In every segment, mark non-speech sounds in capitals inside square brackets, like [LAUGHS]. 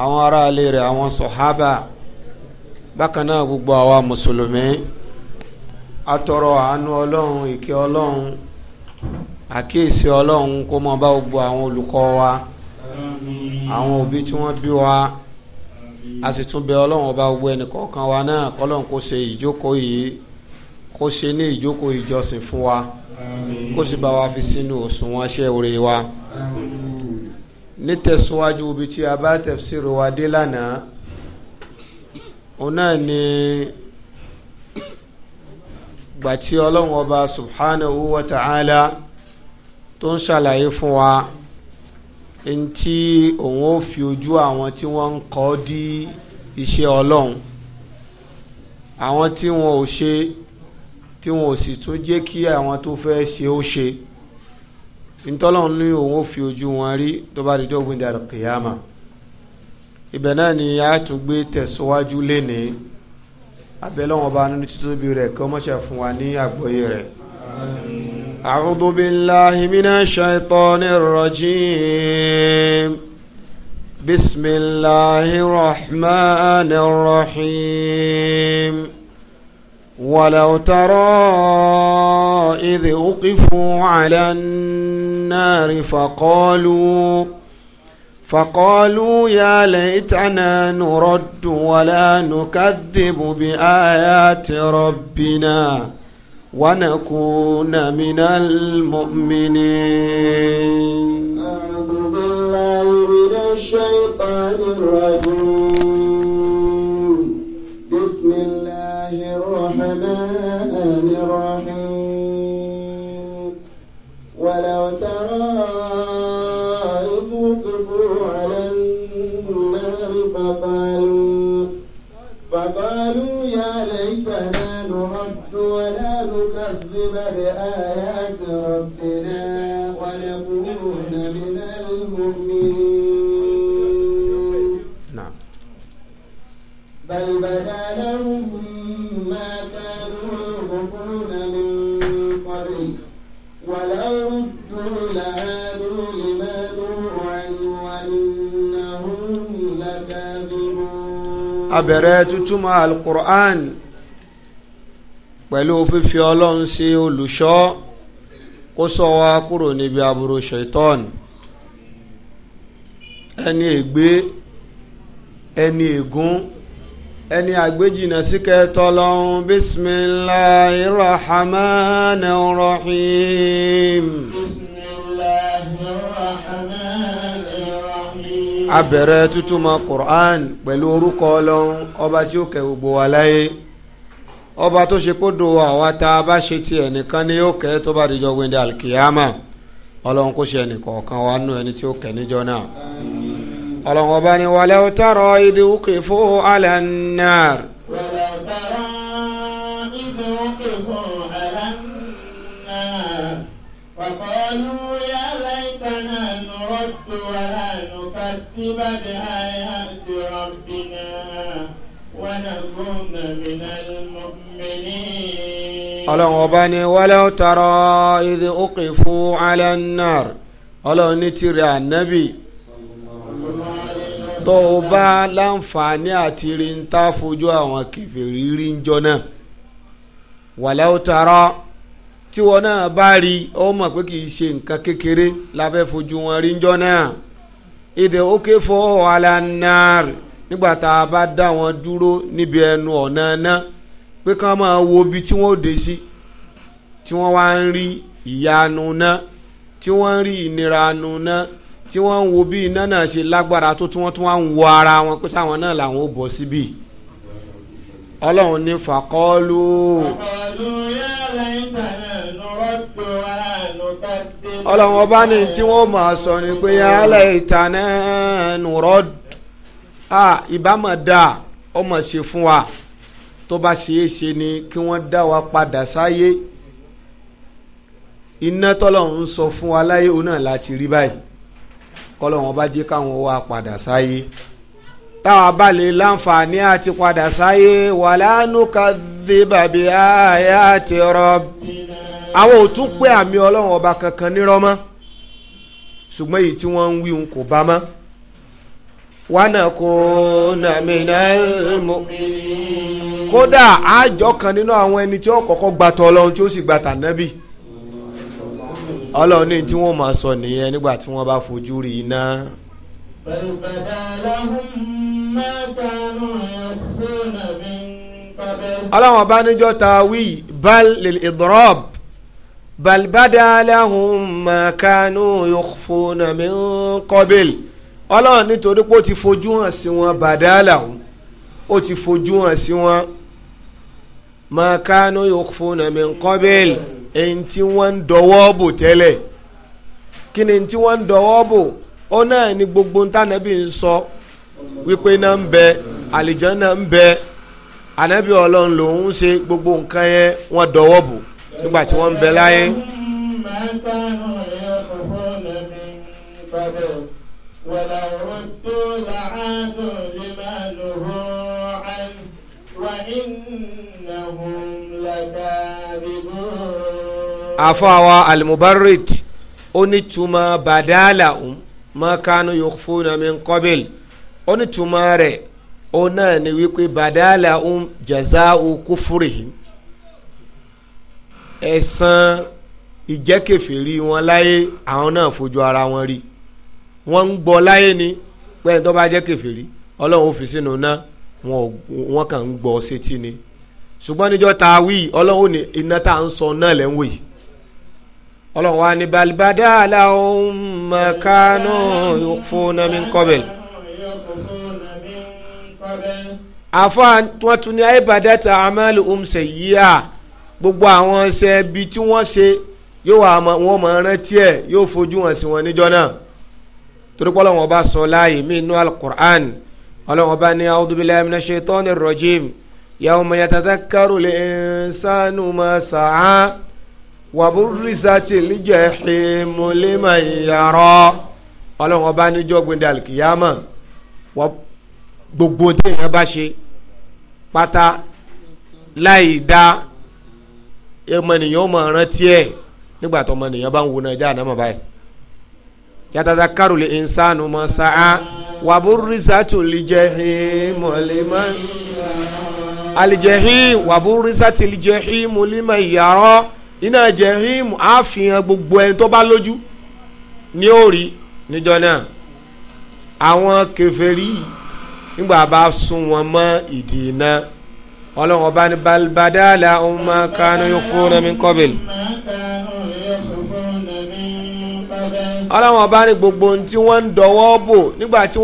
àwọn aráalé rẹ̀ àwọn sọ̀hábà bákan náà gbogbo àwa mùsùlùmí atọrọ àánú ọlọ́run ìkẹ́ ọlọ́run àkíyèsí ọlọ́run kó mọ bá gbogbo àwọn olùkọ́ wa àwọn òbí tí wọ́n bí wa a sì tún bẹ ọlọ́run ọba gbogbo ẹnìkọ̀ọ̀kan wa náà kọ́lọ́run kó ṣe ìjókòó yìí kó ṣe ní ìjókòó ìjọsìn fún wa kó sì bá wa fi sínú òṣùwọ̀n ṣẹ́ oore wa. Amen nítẹ̀síwájú ibi tí a bá tafsir wa dé lánàá òun ni gbàtí ọlọ́run ọba subhanahu wa ta'ala tó ń ṣàlàyé fún wa ntí òun ó fi ojú àwọn tí wọ́n ń kọ́ di iṣẹ́ ọlọ́run àwọn tí wọn ò ṣe tí wọn ò sì tún jẹ́ kí àwọn tó fẹ́ ṣe ó ṣe ntọ́lọ́run ní òun ó fi ojú wọn rí tó bá di dọ́gbìn dàrú kìyàmà ibẹ̀ náà ni a tún gbé tẹ̀síwájú lénìí abẹ́lẹ́wọ̀n bá nínú títóbi rẹ̀ kí wọ́n ṣe fún wa ní àgbọ́yé rẹ̀. أعوذ بالله من الشيطان الرجيم بسم الله الرحمن الرحيم ولو ترى إذ أقفوا على النار النار فقالوا فقالوا يا ليتنا نرد ولا نكذب بآيات ربنا ونكون من المؤمنين أعوذ بالله من الشيطان الرجيم ولا نكذب بآيات ربنا ونكون من المؤمنين نعم بل بدا لهم ما كانوا يغفرون من قبل ولو ردوا لعادوا لما نهوا عنه وإنهم لكاذبون أبرات القرآن pẹ̀lú fífi ọlọ́run sí olùṣọ́ kó sọ wa kúrò níbi aburú shaitan ẹni ègbé ẹni ègún ẹni àgbéjìnà síkẹ́ tọ́lọ́hún bisimilahi rahman rahim. abẹ̀rẹ̀ tuntun ma qur'an pẹ̀lú orúkọ ọlọ́run ọba tí ó kẹ́ gbogbo wa láyé ọba tó ṣe kó do àwa tá a bá ṣe tiẹ̀ nìkan ni yóò kẹ́ tó bá dijọ́ gbẹ̀ndẹ̀ alikiyama ọlọ́run kó ṣe ẹnìkọ̀ọ̀kan wa nù ẹni tí ó kẹ́ níjọ́ náà. ọlọ́run ọba ni walaw tara idh wuqifu ala nnar. walaw tara idh wuqifu ọlọ́run ọba ni walaw tara idh uqifu ala an-nar ọlọ́run ní tirẹ̀ ànábì tó o bá láǹfààní àti rí ń tá fojú àwọn kèfèrí rí ń jọ náà walaw tara tí wọn náà bá rí ó mọ̀ pé kì í ṣe nǹkan kékeré la fojú wọn rí ń jọ náà idh uqifu ala an-nar nígbà tá a bá dá wọn dúró níbi ẹnu ọ̀nà náà pé kán máa wo ibi tí wọ́n dé sí tí wọ́n wá ń rí ìyanu náà tí wọ́n ń rí ìnira nu náà tí wọ́n ń wo bí iná náà ṣe lágbára tó tí wọ́n tún wá ń wo ara wọn pé sáwọn náà làwọn ò bọ̀ síbí ọlọ́run ní fàkọ́lù. ọlọ́run ọba ní tí wọ́n máa sọ ni pé alẹ́ ìtànẹ́ nùrọ́d ìbámu dáa ó mọ̀ ṣe fún wa tó bá ṣeé ṣe ni kí wọ́n dá wa padà sáyé iná tọ́lọ́run ń sọ fún wa láyé òun náà láti rí báyìí kọ́lọ́run bá jẹ́ káwọn wá padà sáyé táwa bá lè láǹfààní àti padà sáyé wala nukadhiba bi ayati rabbina àwọn ò tún pé àmì ọlọ́run ọba kankan nírọ́ mọ́ ṣùgbọ́n èyí tí wọ́n ń wí òun kò bá mọ́ wa nakuna minal mu'minin kódà àjọ kan nínú àwọn ẹni tí ó kọ́kọ́ gba tọ ọlọ́run tí ó sì gba tànẹ́bì ọlọ́run ní tí wọ́n máa sọ nìyẹn nígbà tí wọ́n bá fojú rí iná. ọlọ́run bá ta wí bal lil idrob bal bada lahum ma kanu nítorí pé ó ti fojú hàn sí wọn bàdá ó ti fojú hàn sí wọn. ma kanu yukhfuna min qabil ẹni ti wọ́n ń ọ bò tẹ́lẹ̀ kí ni tí wọ́n ń dọwọ́ bò ó náà ni gbogbo ntànàbí ń sọ wípé náà ń bẹ àlìjánnà nbe bẹ ànábì ọlọ́run lòún gbogbo nǹkan yẹn wọ́n dọwọ́ bò nígbà tí wọ́n ń ولو ردوا لعادوا لما نهوا عنه وإن àfọwọ́ alimubarid onituma badala makanu yòkfúnà min kọ́bìl onítùmọ̀ rẹ̀ ó náà ni wípé badala jazau kúfúrihim ẹ̀san ìjẹ́kẹfẹ́rí wọn láyé àwọn náà fojú ara wọn rí wọ́n ń gbọ́ láyé ni pẹ́ẹ́n tó bá jẹ́ kẹfẹ́rí ọlọ́run ó fi sínú náà wọ́n kàn ń gbọ́ sétí ni ṣùgbọ́n níjọ́ ta wí ọlọ́run ní iná tá à ń sọ náà lẹ́ ń wò yìí ọlọ́run wa ní balibada aláhùn makano fúnà min qabl. àfa wọn tún ní ayébàdà ta amáàlú umse yíyá gbogbo àwọn ṣe ibi tí wọ́n ṣe yóò wọ́n mọ̀ rántí ẹ̀ yóò fojú wọn sí wọn níjọ́ náà torí pé ọlọ́run sọ láàyè mí inú alukur'an ọlọ́run ọba ní audu billahi minash shaitani rrajim yawma yatadhakkaru l-insanu ma sa'a wa burrizatil jahimu liman yara ọlọ́run ọba níjọ́ gbẹ̀ndẹ̀ alikiyama wà gbogbo téèyàn bá ṣe pátá láì dá ọmọnìyàn ọmọ rántí ẹ̀ nígbà tó ọmọnìyàn bá ń wo náà jahannama báyìí yatadhakkaru l-insanu ma sa'a wa burrizatil jahimu liman yara alijahim waburisati alijahim lima yàrá iná jahim àfihàn gbogbo ẹni tó bá lójú ní òòrì níjọ náà àwọn kèfèrí nígbà bá sún wọn mọ́ ìdì iná ọlọ́run ọba ní balbadala kanu yukhfuna min qabil ọlọ́run ọba ní gbogbo ohun tí wọ́n ń dọwọ́ bò nígbà tí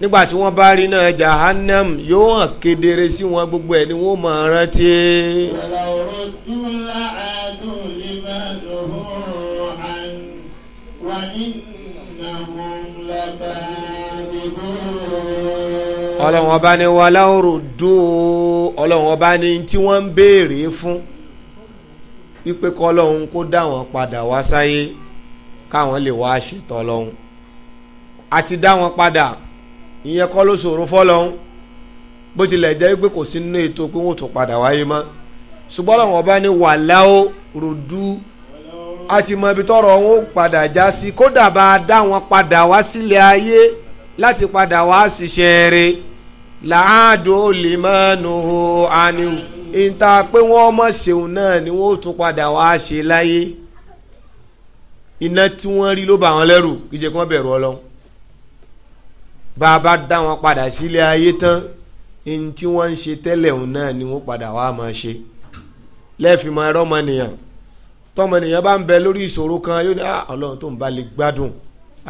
nígbà tí wọ́n bá rí náà jahannam yóò hàn kedere sí wọn gbogbo ẹ̀ ni wọ́n máa rántí. ọlọ́run ọba ní wàhálà òrò dùn ó ọlọ́run ọba ní tí wọ́n ń béèrè fún wípé kọ́lọ́hún kó dá wọn padà wá sáyé káwọn lè wá ṣètò ọlọ́hún àti dá wọn padà ìyẹn kọ́ ló ṣòro fọ́lọ́hún bó tilẹ̀ jẹ́ pé kò sí nínú ètò pé wọ́n tún padà wáyé mọ́ ṣùgbọ́n làwọn ọba ní wàláwó ròdú àti mọ ibi tọrọ wọn ó padà já sí kódà bá a dá wọn padà wá sílẹ̀ ayé láti padà wá ṣiṣẹ́ rẹ̀ làádó lè máa nù hó àníhù ìta pé wọ́n mọ̀ ṣeun náà ni wọ́n tún padà wá ṣe láyé iná tí wọ́n rí ló bà wọ́n lẹ́rù kí jẹ́ kí wọ́n bẹ̀rù ọlọ́run bá a bá dá wọn padà sílé ayé tán ní tí wọ́n ń ṣe tẹ́lẹ̀ òun náà ni wọ́n padà wá máa ṣe lẹ́ẹ̀fìmọ̀ ẹ̀rọ ọmọnìyàn tọmọnìyàn bá ń bẹ lórí ìṣòro kan yóò ní ah, ọlọ́run tó ń bá lè gbádùn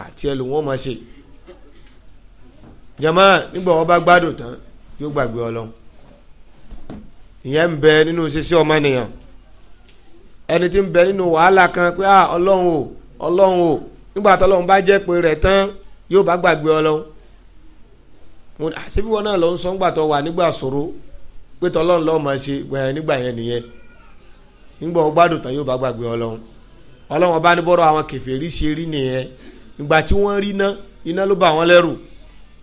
àti ẹ̀ lòun ó máa ṣe jama nígbà wọn bá gbádùn tán yóò gbàgbé ọlọ́run ìyẹn ń bẹ nínú ṣíṣe ọmọnìyàn ẹni tí ń bẹ nínú wàhálà kan pé ah, ọlọ́run o ọlọ́run o nígbà tọ́lọ́run bá jẹ́ pé rẹ̀ tán yóò bá gbàgbé ọlọ́run mo ní àṣebí wọn náà lọ ń sọ ńgbà tó wà nígbà ṣòro pé tọlọ́run lọ́ọ́ máa ṣe gbẹ̀yẹn nígbà yẹn nìyẹn nígbà wọn gbádùn tán yóò bá gbàgbé ọlọ́run ọlọ́run ọba ní bọ́rọ̀ àwọn kèfèrí ṣe rí nìyẹn ìgbà tí wọ́n rí iná iná ló bà wọ́n lẹ́rù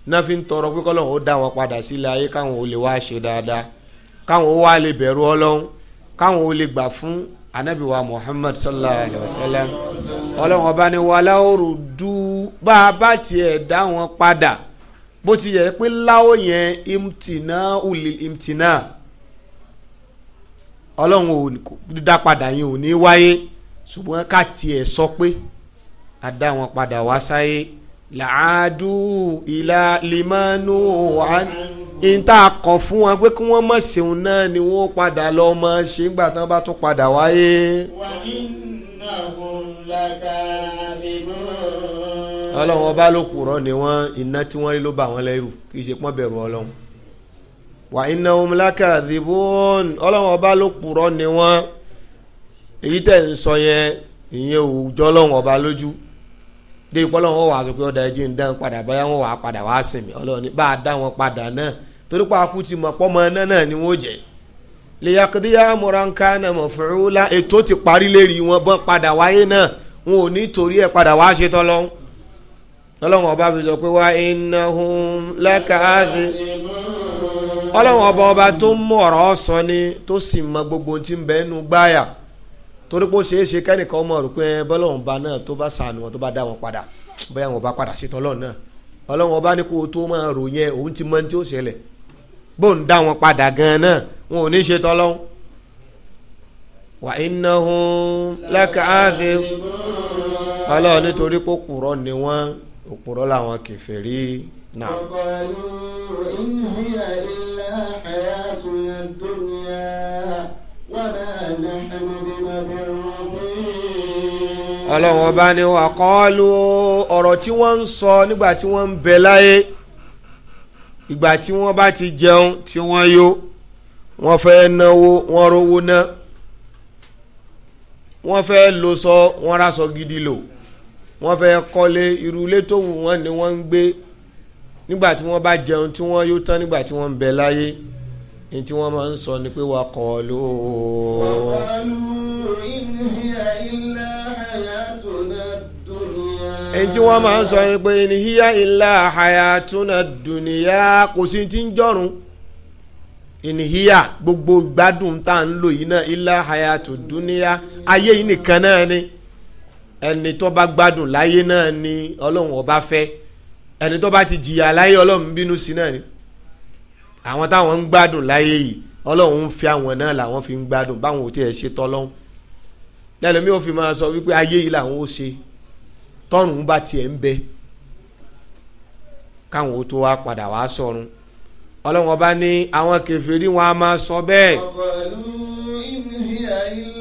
iná fi ń tọrọ pé kọ́lọ́run ó dá wọn padà sílé ayé káwọn ò lè wá ṣe dáadáa káwọn ó wá lè bẹ̀rù ọlọ́run káwọn ó lè gbà fún anabiwa Muhammad sallallahu alayhi wa sallam ọlọ́run ọba ní wàhálà òrùdú bá a bá tiẹ̀ dá wọn padà bó ti yẹ pé láwọ yẹn imtina uli imtina ọlọ́run ò dá padà yẹn ò ní wáyé ṣùgbọ́n ká tiẹ̀ sọ pé a wọn padà wá sáyé làádú ìlà limanu an ìta kọ fún wọn pé kí wọ́n mọ̀ ṣeun náà ni wọ́n padà lọ mọ̀ ṣe ńgbà tí wọ́n bá tún padà wáyé. wà á ní nàgùn làkàlẹ́ náà ọlọ́run ọba ló kùrọ̀ ni wọ́n iná tí wọ́n rí ló bà wọ́n lẹ́rù kì í ṣe pọ́n bẹ̀rù ọlọ́run wà iná omulaka dìbòn ọlọ́run ọba ló kùrọ̀ ni wọ́n èyí tẹ̀ ń sọ yẹn ìyẹn ò jọ ọlọ́run ọba lójú dé ipò ọlọ́run wọn wà sọ pé ọ̀dà ẹ̀jẹ̀ ń dán padà báyà wọn wà padà wá sinmi ọlọ́run ní bá a dá wọn padà náà torí pa akú ti mọ̀ pọ́ mọ́ náà ni wọ́n jẹ́ lèyàkìdíyà mọ̀ránkà náà mọ̀ fẹ́rẹ́ wọ́n la ètò ti parí lérí wọn bọ́ padà wáyé náà wọn ò ní torí ẹ̀ padà wá ṣetán lọ́hùn ọlọ́run ọba fi sọ pé wá innahum ọlọ́run ọba ọba tó ń mú ọ̀rọ̀ ni tó sì mọ gbogbo tí ń bẹ nínú gbáyà torí pé ó ṣeé ṣe kẹ́nìkan ọmọ rò pé bọ́lọ́run ba náà tó bá sànù wọn tó bá dá wọn padà bóyá wọn bá padà sí tọ́lọ́run ọba ní kó tó máa rò yẹn òun ti mọ tí ó ṣẹlẹ̀ bó ń dá wọn padà gan-an náà wọn ò ní ṣe tọ́lọ́run wà òpùrọ́ làwọn kèfèrí náà. ọ̀pọ̀lù ìnìyà ilẹ̀ àyàtò ìdúnyà wàlẹ̀ àlẹ́hàmìdìmọ̀bẹ̀rún. ọlọ́run ọba ni wà kọ́ lu ọ̀rọ̀ tí wọ́n ń sọ nígbà tí wọ́n ń bẹ láyé ìgbà tí wọ́n bá ti jẹun tí wọ́n yó wọ́n fẹ́ náwó wọ́n rówó ná wọ́n fẹ́ lọ sọ wọ́n rásọ gidi lò wọ́n fẹ́ kọ́lé irú ilé tó wù wọ́n ni wọ́n ń gbé nígbà tí wọ́n bá jẹun tí wọ́n yó tán nígbà tí wọ́n ń bẹ láyé ní tí wọ́n máa ń sọ ni pé wà kọ́ ló. ẹni tí wọ́n máa ń sọ ni pé ní híyá ilá hayatuna dùnìyà kò sí ti ń jọ̀rùn ìníhíyà gbogbo gbádùn tá à ń lò yìí náà ilá hayatu dùnìyà ayé yìí nìkan náà ni. Haya, ẹni tó bá gbádùn láyé náà ni ọlọ́run ọba fẹ́ ẹni tó bá ti jìyà láyé ọlọ́run bínú sí náà ni àwọn táwọn ń gbádùn láyé yìí ọlọ́run ń fi àwọn náà làwọn fi ń gbádùn báwọn ò tiẹ̀ ṣe tọ́lọ́hún lẹ́lẹ́mí ò fi máa sọ wípé ayé yìí làwọn ó ṣe tọ́run bá tiẹ̀ ń bẹ káwọn ó tó wá padà wá sọ̀run ọlọ́run ọba ní àwọn kèfèrí wọn a máa sọ bẹ́ẹ̀. ọ̀pọ̀lú ìmìhìyà ilé.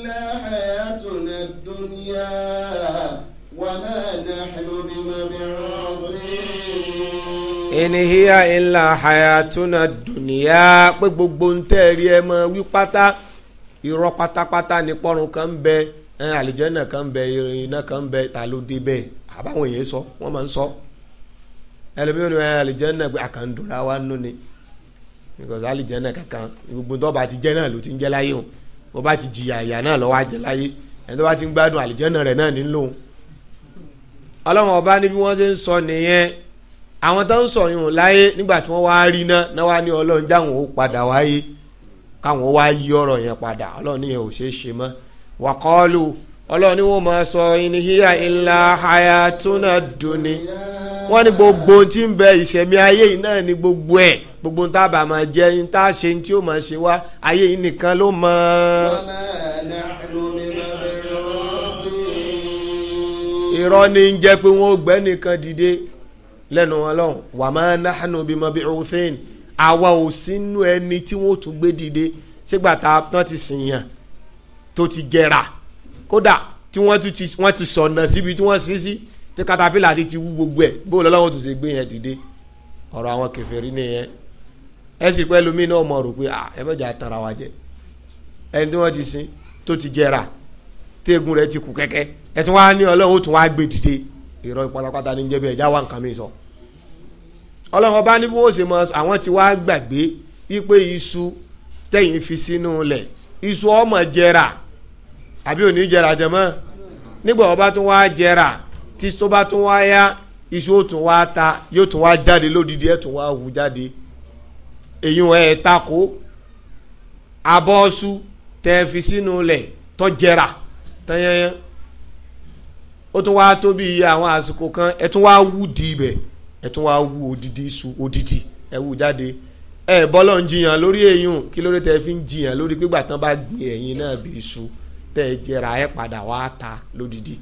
وما نحن بمبعوثين إن هي إلا حياتنا الدنيا pé gbogbo ń tẹ̀rí ẹ pátápátá ní pọ́run kan ń bẹ àlìjẹ́nà kan ń bẹ iná kan bẹ ta ló dé bẹ́ẹ̀ àbáwọn èèyàn sọ wọ́n máa ń sọ ẹlòmíràn ni àlìjẹ́nà pé àkàndùnra wa nù ni because àlìjẹ́nà kankan gbogbo tó bá ti jẹ́ náà ló ti ń jẹ́ láyé o bó bá ti jìyà ìyà náà lọ́wọ́ àjẹ́ ẹni tó bá ti ń gbádùn àlìjẹ́nà rẹ̀ náà ní lóhun ọlọ́run ọba ní bí wọ́n ṣe ń sọ nìyẹn àwọn tó ń sọ yìí láyé nígbà tí wọ́n wá rí iná náà wá ní ọlọ́run jáwọn ó padà wáyé káwọn wá yí ọ̀rọ̀ yẹn padà ọlọ́run ní yẹn ò ṣeé ṣe mọ́ wàkọ́ọ́lù ọlọ́run ní wọ́n máa sọ in hiya illa hayatuna dunya wọ́n ní gbogbo tí ń bẹ ìṣẹ̀mí ayé yìí náà ní gbogbo ẹ̀ gbogbo ń tábà máa jẹ́ ń tá a ṣe ń tí ó máa ṣe wá ayé yìí nìkan ló mọ̀ irọ́ ni ń jẹ́ pé wọ́n gbẹ́ nìkan dìde lẹ́nu ọlọ́run wà máa nahnu bima bi'uthin àwa ò sínú ẹni tí wọ́n tún gbé dìde sígbà tá a tán ti sìn yàn tó ti jẹrà kódà tí wọ́n ti sọ̀nà síbi tí wọ́n sin sí tí katapila ti ti wú gbogbo ẹ̀ bó lọ́lọ́wọ́ tó ṣe gbé yẹn dìde ọ̀rọ̀ àwọn kèfèrí nìyẹn ẹ sì pẹ́ lómi náà mọ̀ rò pé ẹ mẹ́jà tara wa jẹ ẹni tí wọ́n ti sin tó ti jẹrà tégun rẹ̀ ti kù kẹ́kẹ́ ẹ tún wá ní ọlọ́run ó tún wá gbé dìde irọ́ pátápátá ní jẹ́bi ẹ̀já wa nǹkan mi sọ. ọlọ́run ọba ní bí wọ́n ṣe mọ àwọn ti wá gbàgbé wípé iṣu tẹ̀yìn fi sínú lẹ̀ iṣu ọmọ jẹrà àbí òní jẹrà jẹmọ́ nígbà ọba tún wá jẹrà tí tó bá tún wá yá iṣu ó tún wá ta yóò tún wá jáde lódìdí ẹ̀ tún wá hù jáde èyí wọn ẹ̀ tako abọ́ọ̀ṣù tẹ̀ fi sínú lẹ̀ tó jẹrà tanyanyan ó tún wá tó bí iye àwọn àsìkò kan ẹ tún wá wú di ibẹ̀ ẹ tún wá wú odidi iṣu odidi ẹ wú jáde ẹ bọ́lọ̀ ń jiyàn lórí èyún kí lóore tẹ fi ń jiyàn lórí pígbà tán bá gbin ẹ̀yìn náà bí iṣu tẹ ẹ jẹra ẹ padà wá ta lódidi.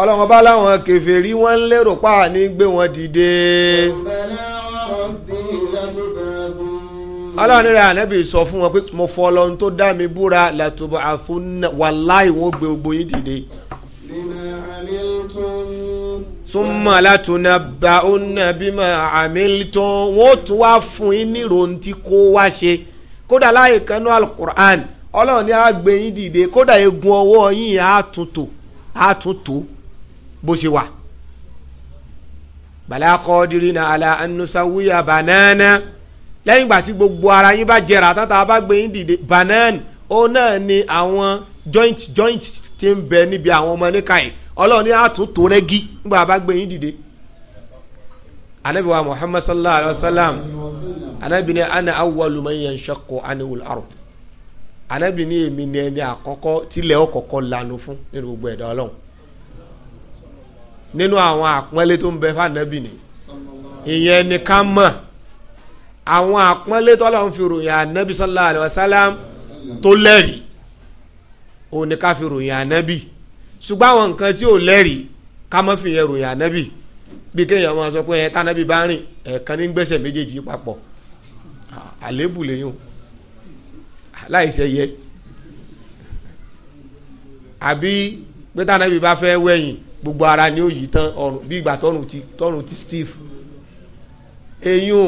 ọlọ́run bá láwọn kèfèrí wọ́n lérò pa ní gbé wọn dìde. ọ̀bẹ náà wọ́n rọ̀ bí ọlọ́run rẹ̀ ànábì sọ fún wọn pé mo fọ ọlọ́run tó dá mi búra làtúbà àfún wàláì wọn gbé gbogbo yín dìde. súnmọ́ látúnà bá ọ̀nà bímọ àmìlítàn wọ́n tún wá fún yín ní ìròyìn tí kò wá ṣe kódà láyé kanú alukur'an ọlọ́run ni a yín dìde kódà egun ọwọ́ yín á tún bó ṣe wà. bàlá kọ́ dirí na banana. lẹ́yìn ìgbà tí gbogbo ara yín bá jẹrà tátà bá gbé yín dìde banan ó náà ni àwọn joint joint ti ń bẹ níbi àwọn ọmọ níka n'i ọlọ́run ní àtúntò rẹ́gí nígbà bá gbé yín dìde. anabi wa muhammad sallallahu wa sallam anabi ni ana awwalu man yanshaqu anil ard anabi ni emi ni ẹni lanu fun nínú gbogbo nínú àwọn anabi ni ìyẹn àwọn àpọ́nlé tọ́lọ́run fi ròyìn ànábì sallallahu alaihi wasallam tó lẹ́rìí òun ni ká fi ròyìn ànábì ṣùgbọ́n àwọn nǹkan tí ò lẹ́rìí ká má fi yẹn ròyìn ànábì bí kéèyàn máa sọ pé ẹ tánábì bá rìn ẹ̀ẹ̀kan ní gbèsè méjèèjì papọ̀ àlébù lẹ́yìn láìsẹ̀ yẹ àbí pé tánábì bá fẹ́ wẹ̀yìn gbogbo ara ni ó yí tán ọrùn bí ìgbà tọrùn ti tọrùn ti steve eyín o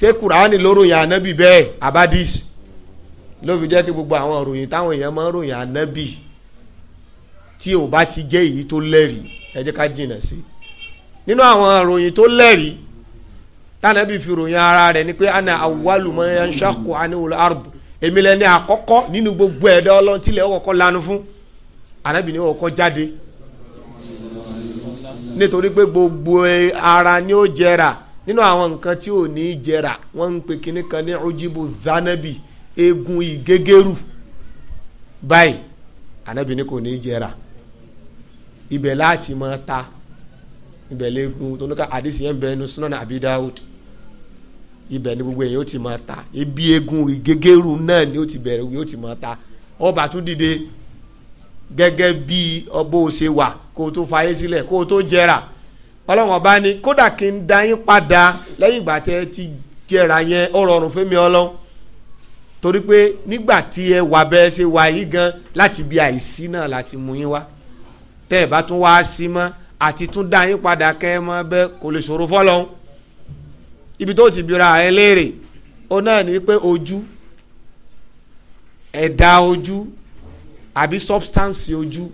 ṣé kùránì ló ròyìn ànábì bẹ́ẹ̀ abadis ló fi jẹ́ kí gbogbo àwọn òròyìn táwọn èèyàn máa ń ròyìn ànábì tí ò bá ti jẹ́ èyí tó lẹ́rìí ẹ jẹ́ ká jìnà sí nínú àwọn òròyìn tó lẹ́rìí tànàbì fi ròyìn ara rẹ̀ ni pé ana awwalu man yanshaqu anil ardu èmi lẹni àkọ́kọ́ nínú gbogbo ẹ̀dá ọlọ́run tilẹ̀ ó kọ́kọ́ lanu fún ànábì ni ó jáde nítorí pé gbogbo ara ni ó jẹrà nínú àwọn nǹkan tí ò ní í jẹrà wọ́n ń pe kinní kan ní ojibu zanabi eegun ìgégéru báyìí anabi ni kò ní í jẹrà ibẹ̀ láti máa ta ibẹ̀ léegun tó ní ká àdìsí yẹn bẹ́ẹ̀ nu sunan abi dawud ibẹ̀ ni gbogbo èèyàn ó ti máa ta ibi eegun ìgégéru náà ni ó ti bẹ̀rẹ̀ yóò ti máa ta ọba tún dìde gẹ́gẹ́ bí ọbọ̀ òṣèwà kó o tó fayé sílẹ̀ kó o tó jẹrà ọlọ́run ọba ni kódà kí n da yín padà lẹ́yìn ìgbà tẹ́ ẹ ti jẹra yẹn ó rọrùn fún mi ọlọ́run torí pé nígbà tí ẹ wà bẹ́ẹ̀ ṣe wà yìí gan láti bí àìsí náà láti mú yín wá tẹ́ ẹ bá tún wá sí mọ́ àti tún da yín padà kẹ́ ẹ mọ́ bẹ́ẹ̀ kò lè ṣòro fọlọ́run ibi tó ti bira ẹ léèrè ó náà ní pé ojú ẹ̀dá ojú àbí substance ojú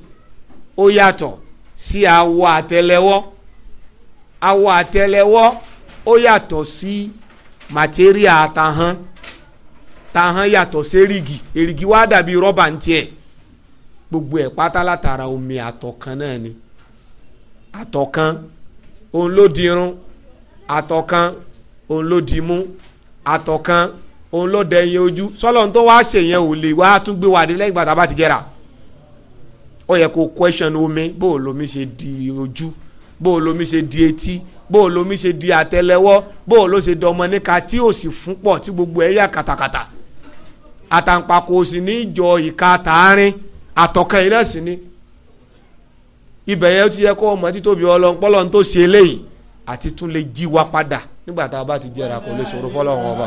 ó yàtọ̀ sí awọ àtẹlẹwọ́ awọ àtẹlẹwọ́ ó yàtọ̀ sí màtíríà tahan tahan yàtọ̀ sí erigi erigi wá dàbí rọ́bà ń tiẹ̀ gbogbo ẹ̀ pátá látara omi àtọ̀kan náà ni àtọ̀kan òun ló di irun àtọ̀kan òun ló di mú àtọ̀kan òun ló dẹyìn ojú sọlọ́n tó wá ṣèyẹn ò lè wá tún gbé wa dé lẹ́yìn gbàtà bá ti jẹrà ó yẹ kó question omi bó o lomi ṣe di ojú bó o lomi ṣe di etí bó o lomi ṣe di àtẹ́lẹwọ́ bó o lo ṣe di ọmọ níka tí o sì fún pọ̀ tí gbogbo ẹ̀ yà kàtàkàtà àtàǹpàkò sì ní ìjọ ìka tààrin àtọ̀kẹ́ ìrẹsì ni ibẹ̀ yẹn ti yẹ kó ọmọ títóbi ọlọ́npọ́lọ́ tó ṣe eléyìí àti tún lè jí wa padà nígbà tá a bá ti jẹrà kò lè ṣòro fọlọ́run ọba.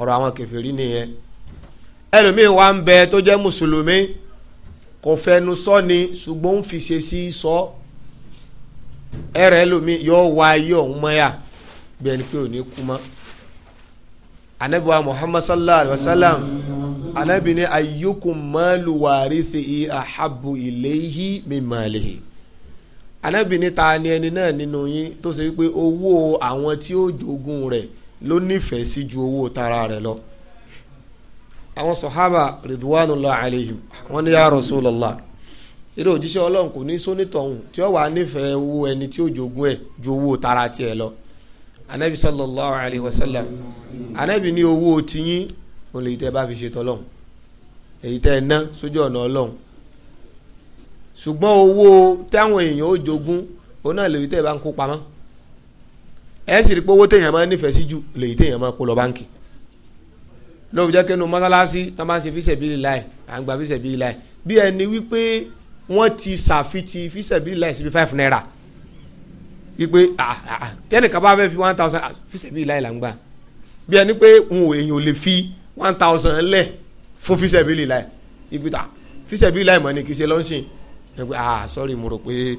ọ̀rọ̀ àwọn kèfèrí nìyẹn ẹlòmíín wa ń bẹ tó jẹ́ mùsùlùmí kò fẹnu sọ ni ṣùgbọ́n ń fi ṣe sí sọ ẹrẹ ẹlòmíín yóò wá ayé ọ̀hún mọ́yà bí ẹni pé ò ní kú mọ́ anabiwa muhammad sallallahu alaihi wa sallam anabi ni ayyukum malu warithihi ahabbu ilayhi min malihi anabi ni ta ni ẹni náà nínú yín tó ṣe wípé owó àwọn tí ó jogun rẹ̀ ló nífẹ̀ẹ́ sí ju owó tara rẹ̀ lọ àwọn sọ̀hábà ridwanullah alayhim wọ́n ní ya Rasulullah eré òjíṣẹ́ ọlọ́run kò ní sónítọ̀hún tí ó wà nífẹ̀ẹ́ owó ẹni tí ó jogún ẹ̀ ju owó tara tiẹ̀ lọ anabi sallallahu alayhi wa sallam anabi ní owó tiyín òun lè bá fi ṣe tọ́lọ́hún èyí tẹ́ ẹ ná sójú ọ̀nà ọlọ́run ṣùgbọ́n owó táwọn èèyàn ó jogún òun náà lè tẹ́ bá ń kó pamọ́ ẹ sì rí pé owó téèyàn máa nífẹ̀ẹ́ sí ju lèyí téèyàn máa kó lọ báńkì lóòótọ́ jẹ́ kẹ́nu mọ́sálásí tá a máa ṣe fíṣẹ̀bílì láì à ń gba fíṣẹ̀bílì láì bí ẹni wípé wọ́n ti ṣàfitì fíṣẹ̀bílì láì síbi five naira wípé tẹ́nìkan bá fẹ́ fi one thousand fíṣẹ̀bílì láì là ń gbà bí ẹni pé n ò èèyàn ò lè fi one thousand lẹ̀ fún fíṣẹ̀bílì láì ibi ta fíṣẹ̀bílì láì mọ̀ ni kì í ṣe lọ́ńṣìn ẹ ah sorry mo rò pé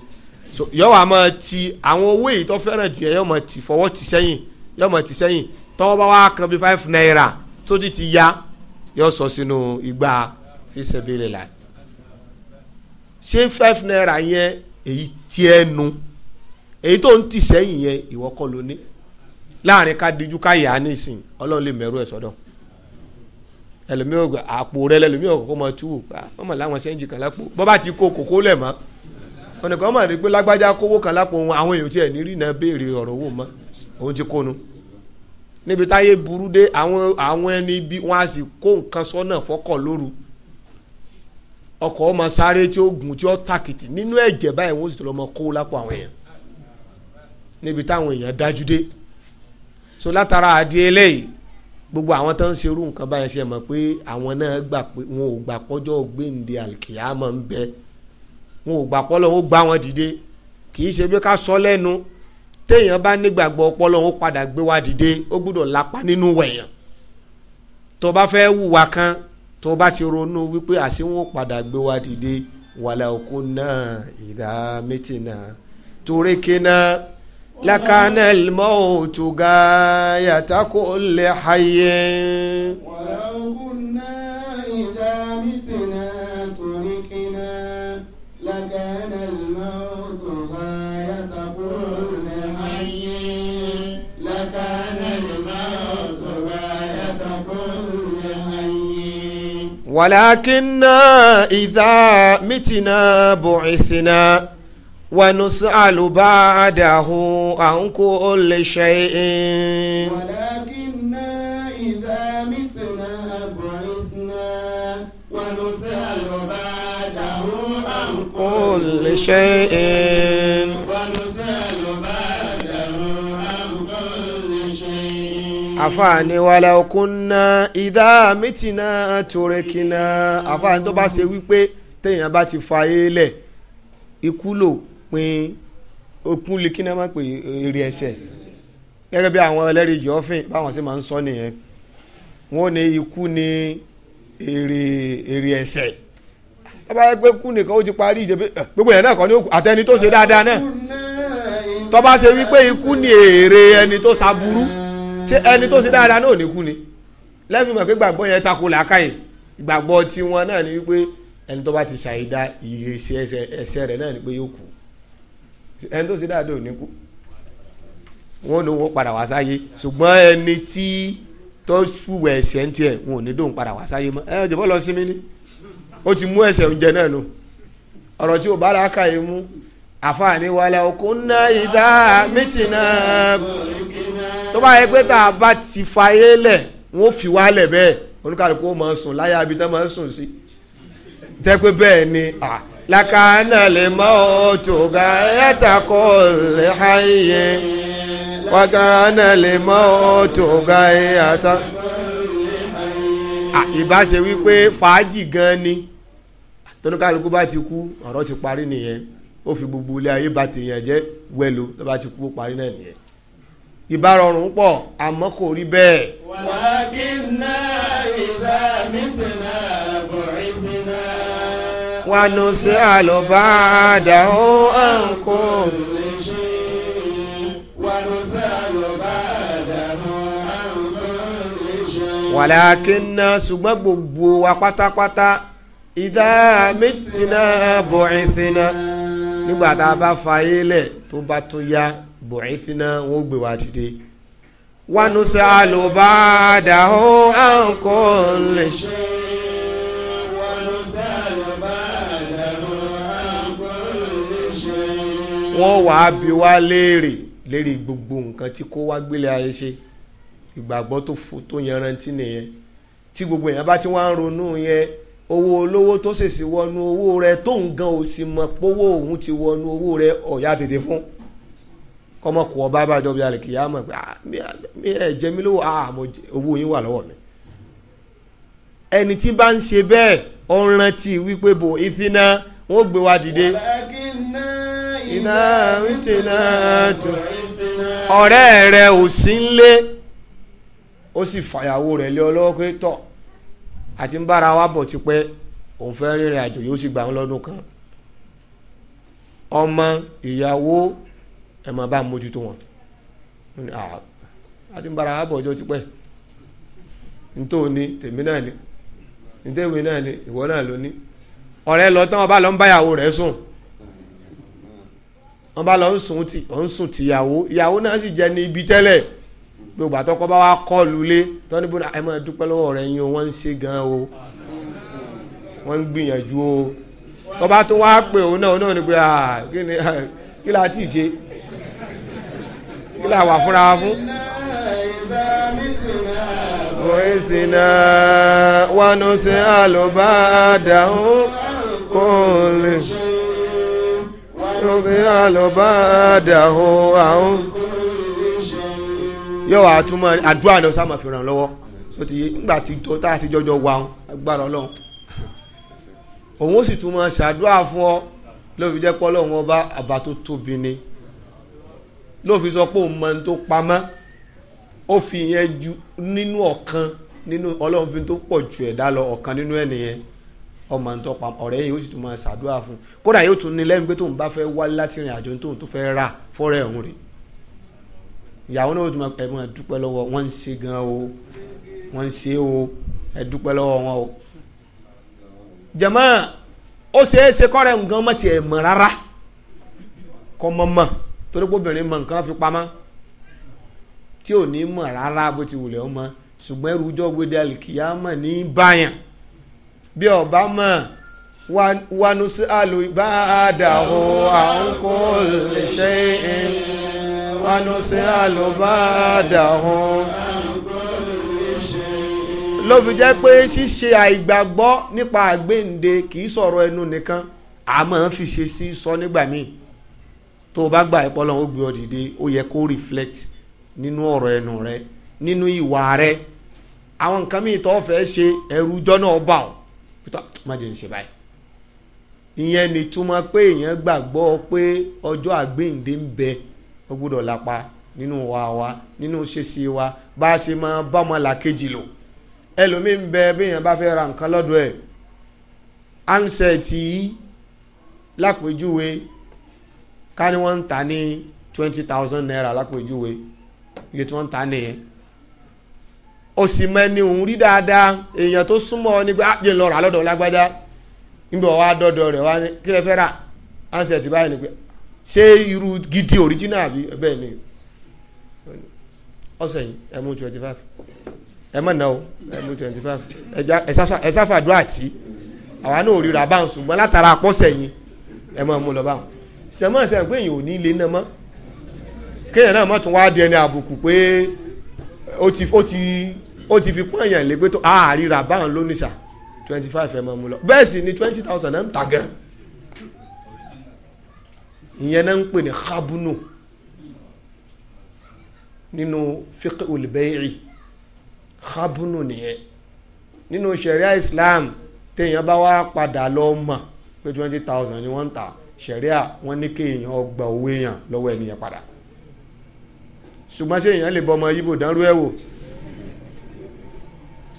so yọwọ àmọ ti àwọn owó èyí tó fẹ́ràn jù yẹn yọmọ ti fọwọ́ ti sẹ́yìn yọmọ ti sẹ́yìn tọ́wọ́ bá wá kan bí five naira tó ti ti ya yọ sọ sínú igba fisabili la ṣé five naira yẹn èyí tiẹ̀ nu èyí tó ń ti sẹ́yìn yẹn ìwọ kọ́ ló ní láàrin ká dijú ká yà á nísìn ọlọ́run lè mẹ́rù ẹ̀ sọ́dọ̀ ẹlòmíràn àpò rẹ lẹ́lòmíràn kọ́kọ́ mọ túwò ọmọ làwọn ṣẹ́ńjì kan lápò bọ́ ti kó kókó lẹ̀ mọ́. ọ̀nìkan mà rí pé lágbájá kówó kan lápò wọn àwọn èèyàn tiẹ̀ ní rí náà béèrè ọ̀rọ̀ owó mọ́ òun ti kónu níbi táyé burú dé àwọn ẹni bí wọn a sì kó nǹkan sọ́nà fọ́kọ̀ lóru ọkọ̀ ọmọ sáré tí ó gùn tí ó tàkìtì nínú ẹ̀jẹ̀ báyìí wọ́n sì tó kó so látara gbogbo àwọn tó ń serú nǹkan báyìí ṣe mọ̀ pé àwọn náà gbà pé wọn ò gbà wọn ò gbà pọ́lọ́ wọn ó gbá wọn dìde kì í ṣe bí ká sọ lẹ́nu téèyàn bá nígbàgbọ́ ọpọlọ wọn ó padà gbé wa dìde ó gbúdọ̀ lápá nínú wẹ̀yàn tó bá fẹ́ hùwà kan tó bá ti ronú wípé àṣé wọn ó padà gbé wa dìde wàlà òkú náà ìdá méjì náà torí kíná lakana ilmọ̀ òtúgá yàtàkùn lè hayé. òkú. wàlákínà ìdá mítínà bùrìtìnà wànúsí àlùbá àdàhù àǹkó lè ṣe é. àfààní wàlẹ̀ kunna ìdá mítìnà torekina àfààní tó bá ṣe wípé téèyàn bá ti fa eélẹ̀ ikú lò pin okun lè máa pè èrè gẹ́gẹ́ bí àwọn ẹlẹ́rìí jọ́fìn báwọn sì máa ń sọ nìyẹn wọ́n ní ikú ni èrè èrè kú nìkan ni èrè ẹni tó ṣé ẹni tó ṣe dáadáa náà ní kú ni lẹ́fìn mọ̀ pé gbàgbọ́ yẹn tako làákàyè ìgbàgbọ́ tiwọn náà ni wípé ẹni tó bá ti ṣàyídá ìrèsí ẹsẹ̀ rẹ̀ náà ni pé yóò kú ẹni tó ṣe dáadáa ò ní kú wọn ló wọn padà wá sáyé ṣùgbọ́n ẹni tí tó ṣùwẹ̀ ẹ̀ṣẹ̀ ń tiẹ̀ wọn ò ní dóhùn padà wá sáyé mọ́ ẹ jẹ́ bọ́ lọ sinmi ni ó ti mú ẹ̀ṣẹ̀ oúnjẹ náà nù ọ̀rọ̀ tí ò bá làákàyè mú àfààní wàhálà òkú ńlá ìdá mítì náà tó bá yẹ pé tá a bá ti fayé lẹ̀ wọ́n fi wá lẹ̀ bẹ́ẹ̀ oníkàlùkù ó máa sùn láyà abidán máa sùn sí tẹ́ pé bẹ́ẹ̀ ni lakana le mautu gayata kulli hayyin wa kana le mautu gayata. ìbá ṣe wípé fàájì gan ni tónúkàlùkù bá ti kú ọ̀rọ̀ ti parí nìyẹn ó fi gbogbo ilé ayé bá ti yàn jẹ́ wẹ́lo tó bá ti kú parí náà nìyẹn ìbárọ̀rùn pọ̀ àmọ́ kò rí bẹ́ẹ̀. wàlákínà ìdá mítìnà bọ̀rìsínà. wánú sí àlùbáàdà ó ó hàn kó lè ṣùgbọ́n gbogbo wa pátápátá ìdá mítìnà bọ̀rìsínà nígbà tá a bá fa ayé tó bá tún yá bùrìtìnà wọn gbé wa dìde wanusa alubada ho anko le ṣe. wọ́n wàá bi wá léèrè léèrè gbogbo nǹkan tí kó wá gbélé ayé ṣe ìgbàgbọ́ tó fo tó yanrantí nìyẹn tí gbogbo èèyàn bá ti wá ń ronú yẹn owó olówó tó ṣèṣì wọnú owó rẹ tó ń gan òsì mọ̀ pówó òun ti wọnú owó rẹ ọ̀yá tètè fún. kọ́mọ kọ́ ọba bá jọ bí alẹ́ kìí àmọ́ pé ah, ẹ jẹ lówó ah, owó yín wà mi. ẹni tí bá ń ṣe bẹ́ẹ̀ ó ń rántí wípé bò ìfinna wọ́n gbé wa dìde. ọ̀rẹ́ rẹ ò sí ń lé ó sì fàyàwó lé pé tọ̀ àti ń bára wa kan ẹ máa bá mójútó wọn àti ń bára àbọ̀ ọjọ́ tipẹ́ ntó ni tèmi náà ni ntẹ́wé náà ni ìwọ náà ló ní ọ̀rẹ́ lọ tán ọba lọ ń báyàwó rẹ̀ sùn ọba lọ ń sùn ti ọ̀ ń sùn ti ìyàwó ìyàwó náà sì jẹ́ ní ibi tẹ́lẹ̀ gbogbo àtọ́kọ́ bá wa kọ́ lulé tọ́ni bó ẹ máa dúpẹ́ lọ́wọ́ rẹ̀ yín o wọ́n ń ṣe gan o wọ́n ń gbìyànjú o tọ́ba tó wá pè òun náà òun náà ni pé kí ni kí la ti ṣe là wà fúnra wa fún. Òyìnbó wánú sí àlùbádàún kò lè. Wánú sí àlùbádàún àwọn. Yóò wá túmọ̀ àdúrà lọ sáà máa fi ràn lọ́wọ́. Sọ́tì nígbà tí tó tá a ti jọjọ wà ó agbára Ọlọ́run. Òun ó sì túmọ̀ ṣàdúrà fún ọ lórí jẹ́ pọ́ lọ́wọ́ bá àbá tó tóbi ni ló fi sọ pé òun mọ tó pamọ́ ó fi yẹn ju nínú ọ̀kan nínú ọlọ́run fi tó pọ̀ ju ẹ̀dá lọ ọ̀kan nínú ẹ̀ nìyẹn ọmọ tó pamọ́ ọ̀rẹ́ yìí ó sì tún máa ṣàdúrà fún kódà yóò tún ní lẹ́nu pé tóun bá fẹ́ wálé láti rìn àjò tóun tó fẹ́ rà fọ́rẹ́ ọ̀hún rèé ìyàwó náà ó tún ẹ máa dúpẹ́ lọ́wọ́ wọ́n ń ṣe gan o wọ́n ń ṣe o ẹ dúpẹ́ lọ́wọ́ wọn o. jàmáà ó ṣeé ṣe kọ́rẹ́ nǹkan mọ́ tiẹ̀ mọ̀ rárá kọ́ mọ́ mọ́ torí pé obìnrin mọ nǹkan fi pamọ́ tí ò ní mọ̀ rárá bó ti wùlẹ̀ ọmọ ṣùgbọ́n ẹrù ọjọ́ gbé dẹ́lì kìá mọ̀ ní báyàn bí ọba mọ̀ wanu sí àlù ìbáàdàwò àwọn kò lè ṣe é wanu sí àlù ìbáàdàwò ló fi jẹ́ pé ṣíṣe àìgbàgbọ́ nípa àgbéǹde kì í sọ̀rọ̀ ẹnu nìkan àmọ́ fi ṣe sí sọ nígbà míì tó o bá gbà ẹ́ lọ́wọ́ gbé ọ dìde ó yẹ kó reflect nínú ọ̀rọ̀ ẹnu rẹ nínú ìwà rẹ àwọn nǹkan míì tó fẹ́ ṣe ẹrú ọjọ́ náà bà ọ́ má jẹ́ ń báyìí ìyẹn ni túmọ̀ pé èèyàn gbàgbọ́ pé ọjọ́ àgbéǹde ń bẹ ó lápa nínú wa wa nínú wa bá a ṣe máa bá ọmọ làkejì lò ẹlòmíì ń bẹ bí èèyàn bá fẹ́ ra nǹkan lọ́dọ̀ ẹ̀ tani ní wọ́n ta naira lápèjúwe iye tí wọ́n ń ta nìyẹn o sì mẹ́ni òun rí dáadáa èèyàn tó n'igbe ọ ní pé àjẹ́ ah, rà lọ́dọ̀ lágbájá níbi ọ̀wá dọ́dọ̀ rẹ̀ wá ní báyìí ni pé ṣé irú gidi original bi ebe ni ọ̀sẹ̀ yìí ẹ̀ mú twenty five náà o ẹ̀ mú twenty five ẹ̀ sáfàdúrà tí àwa náà ò ríra báwọn ṣùgbọ́n látara àpọ̀sẹ̀ yìí sẹ̀mọ́ sẹ̀mọ́ pé èyàn ò ní ilé náà mọ́ kéèyàn náà mọ́ tún wá di ẹni àbùkù pé ó ti ó ti ó ti fi pọ́n èyàn lé pé tó àárira báwọn ló ní sà twenty five ẹ̀ máa mú lọ bẹ́ẹ̀ sì ni twenty thousand náà ń ta gan ìyẹn náà ń pè ní habunu nínú fiqh olùbẹ́ẹ̀rì habunu nìyẹn nínú sharia islam téèyàn bá wá padà lọ mọ̀ pé twenty thousand ni wọ́n ń ta ṣẹ̀ríà wọ́n ní kéèyàn gba owó èèyàn lọ́wọ́ ẹnìyẹn padà ṣùgbọ́n ṣé èèyàn lè bọ ọmọ yíbò dánrú ẹ̀ wò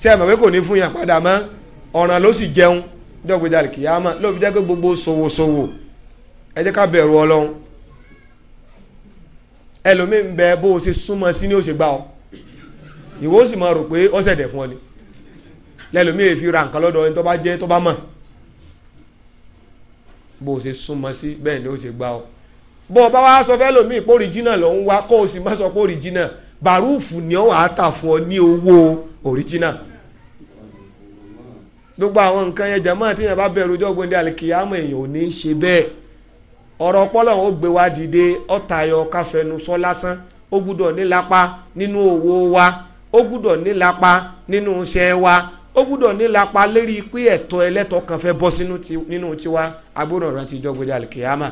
ṣé ẹ mọ̀ pé kò ní fún yàn padà mọ́ ọ̀ràn ló sì jẹun dọ́gbẹ́jà kìyàmọ́ ló fi jẹ́ pé gbogbo ṣòwòṣòwò ẹ jẹ́ ká bẹ̀rù ọlọ́run ẹlòmíín bẹ bó o ṣe súnmọ́ sí ni ó ṣe gbá ọ ìwọ ó sì máa rò pé ó ṣẹ̀dẹ̀ fún ọ ni lẹ́lòmíín fi ra nǹkan lọ́dọ̀ ẹni tó bá jẹ́ tó bá mọ̀ bó o ṣe súnmọ́ sí gba ni ó ṣe ọ bó o bá wá sọ fẹ́ lómi ìpò original ló wá kó o sì má sọ pé original bàrúùfù ni ó wàá tà fún ọ ní owó original gbogbo àwọn nǹkan yẹn jẹ́ máa tíyẹn bá bẹ̀rù ọjọ́ gbòǹde àlìkìyàmọ̀ èèyàn ò ní í ṣe ọpọlọ ò gbé wa dìde ọ̀tayọ̀ lásán ó wa ó gbúdọ̀ nílapa nínú wa ó gbúdọ̀ nílapa lérí pé ẹ̀tọ́ ẹlẹ́tọ́ kan fẹ́ bọ́ nínú tiwa agbóhùn ọ̀rọ̀ àti ìjọgbọ́dẹ àlìkèyàmà